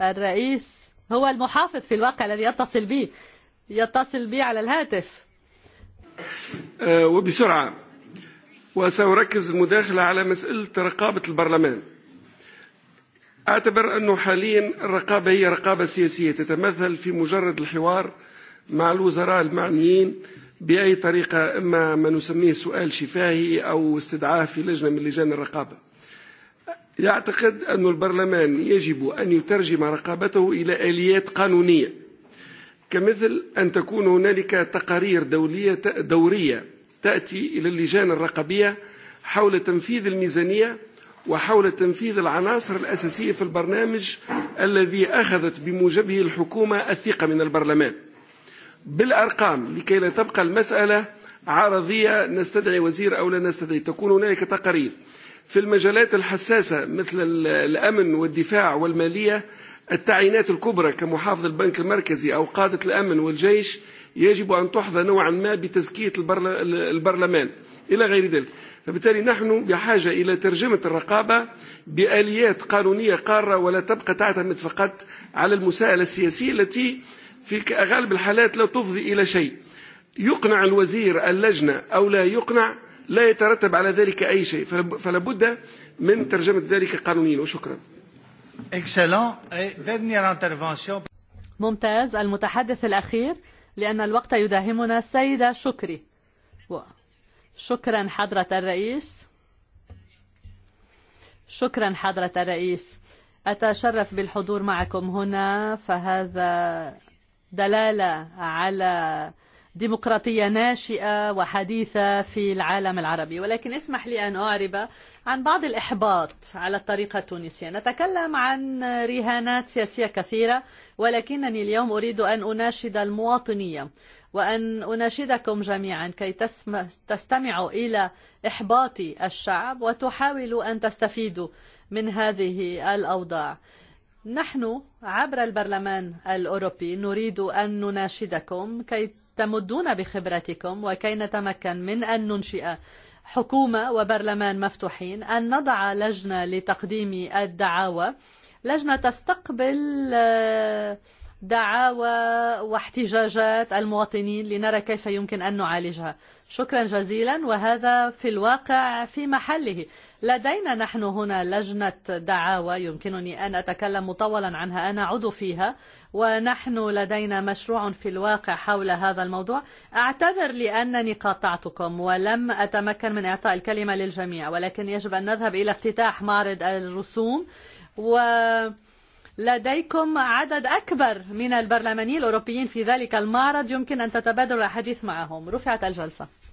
الرئيس هو المحافظ في الواقع الذي يتصل بي يتصل بي على الهاتف وبسرعة وسأركز المداخلة على مسألة رقابة البرلمان أعتبر أنه حاليا الرقابة هي رقابة سياسية تتمثل في مجرد الحوار مع الوزراء المعنيين بأي طريقة إما ما نسميه سؤال شفاهي أو استدعاء في لجنة من لجان الرقابة يعتقد أن البرلمان يجب أن يترجم رقابته إلى آليات قانونية كمثل أن تكون هنالك تقارير دولية دورية تأتي إلى اللجان الرقابية حول تنفيذ الميزانية وحول تنفيذ العناصر الأساسية في البرنامج الذي أخذت بموجبه الحكومة الثقة من البرلمان بالأرقام لكي لا تبقى المسألة عرضية نستدعي وزير أو لا نستدعي تكون هناك تقارير في المجالات الحساسة مثل الأمن والدفاع والمالية التعيينات الكبرى كمحافظ البنك المركزي أو قادة الأمن والجيش يجب أن تحظى نوعا ما بتزكية البرلمان إلى غير ذلك فبالتالي نحن بحاجة إلى ترجمة الرقابة بآليات قانونية قارة ولا تبقى تعتمد فقط على المساءلة السياسية التي في غالب الحالات لا تفضي إلى شيء يقنع الوزير اللجنة أو لا يقنع لا يترتب على ذلك أي شيء فلا بد من ترجمة ذلك قانونيا وشكرا ممتاز المتحدث الأخير لأن الوقت يداهمنا السيدة شكري شكرا حضرة الرئيس شكرا حضرة الرئيس أتشرف بالحضور معكم هنا فهذا دلالة على ديمقراطية ناشئة وحديثة في العالم العربي ولكن اسمح لي أن أعرب عن بعض الإحباط على الطريقة التونسية نتكلم عن رهانات سياسية كثيرة ولكنني اليوم أريد أن أناشد المواطنية وأن أناشدكم جميعا كي تستمعوا إلى إحباط الشعب وتحاولوا أن تستفيدوا من هذه الأوضاع نحن عبر البرلمان الأوروبي نريد أن نناشدكم كي تمدون بخبرتكم وكي نتمكن من أن ننشئ حكومة وبرلمان مفتوحين أن نضع لجنة لتقديم الدعاوى لجنة تستقبل دعاوى واحتجاجات المواطنين لنرى كيف يمكن أن نعالجها شكرا جزيلا وهذا في الواقع في محله لدينا نحن هنا لجنة دعاوى يمكنني أن أتكلم مطولا عنها أنا عضو فيها ونحن لدينا مشروع في الواقع حول هذا الموضوع أعتذر لأنني قاطعتكم ولم أتمكن من إعطاء الكلمة للجميع ولكن يجب أن نذهب إلى افتتاح معرض الرسوم و لديكم عدد أكبر من البرلمانيين الأوروبيين في ذلك المعرض يمكن أن تتبادلوا الحديث معهم رفعت الجلسة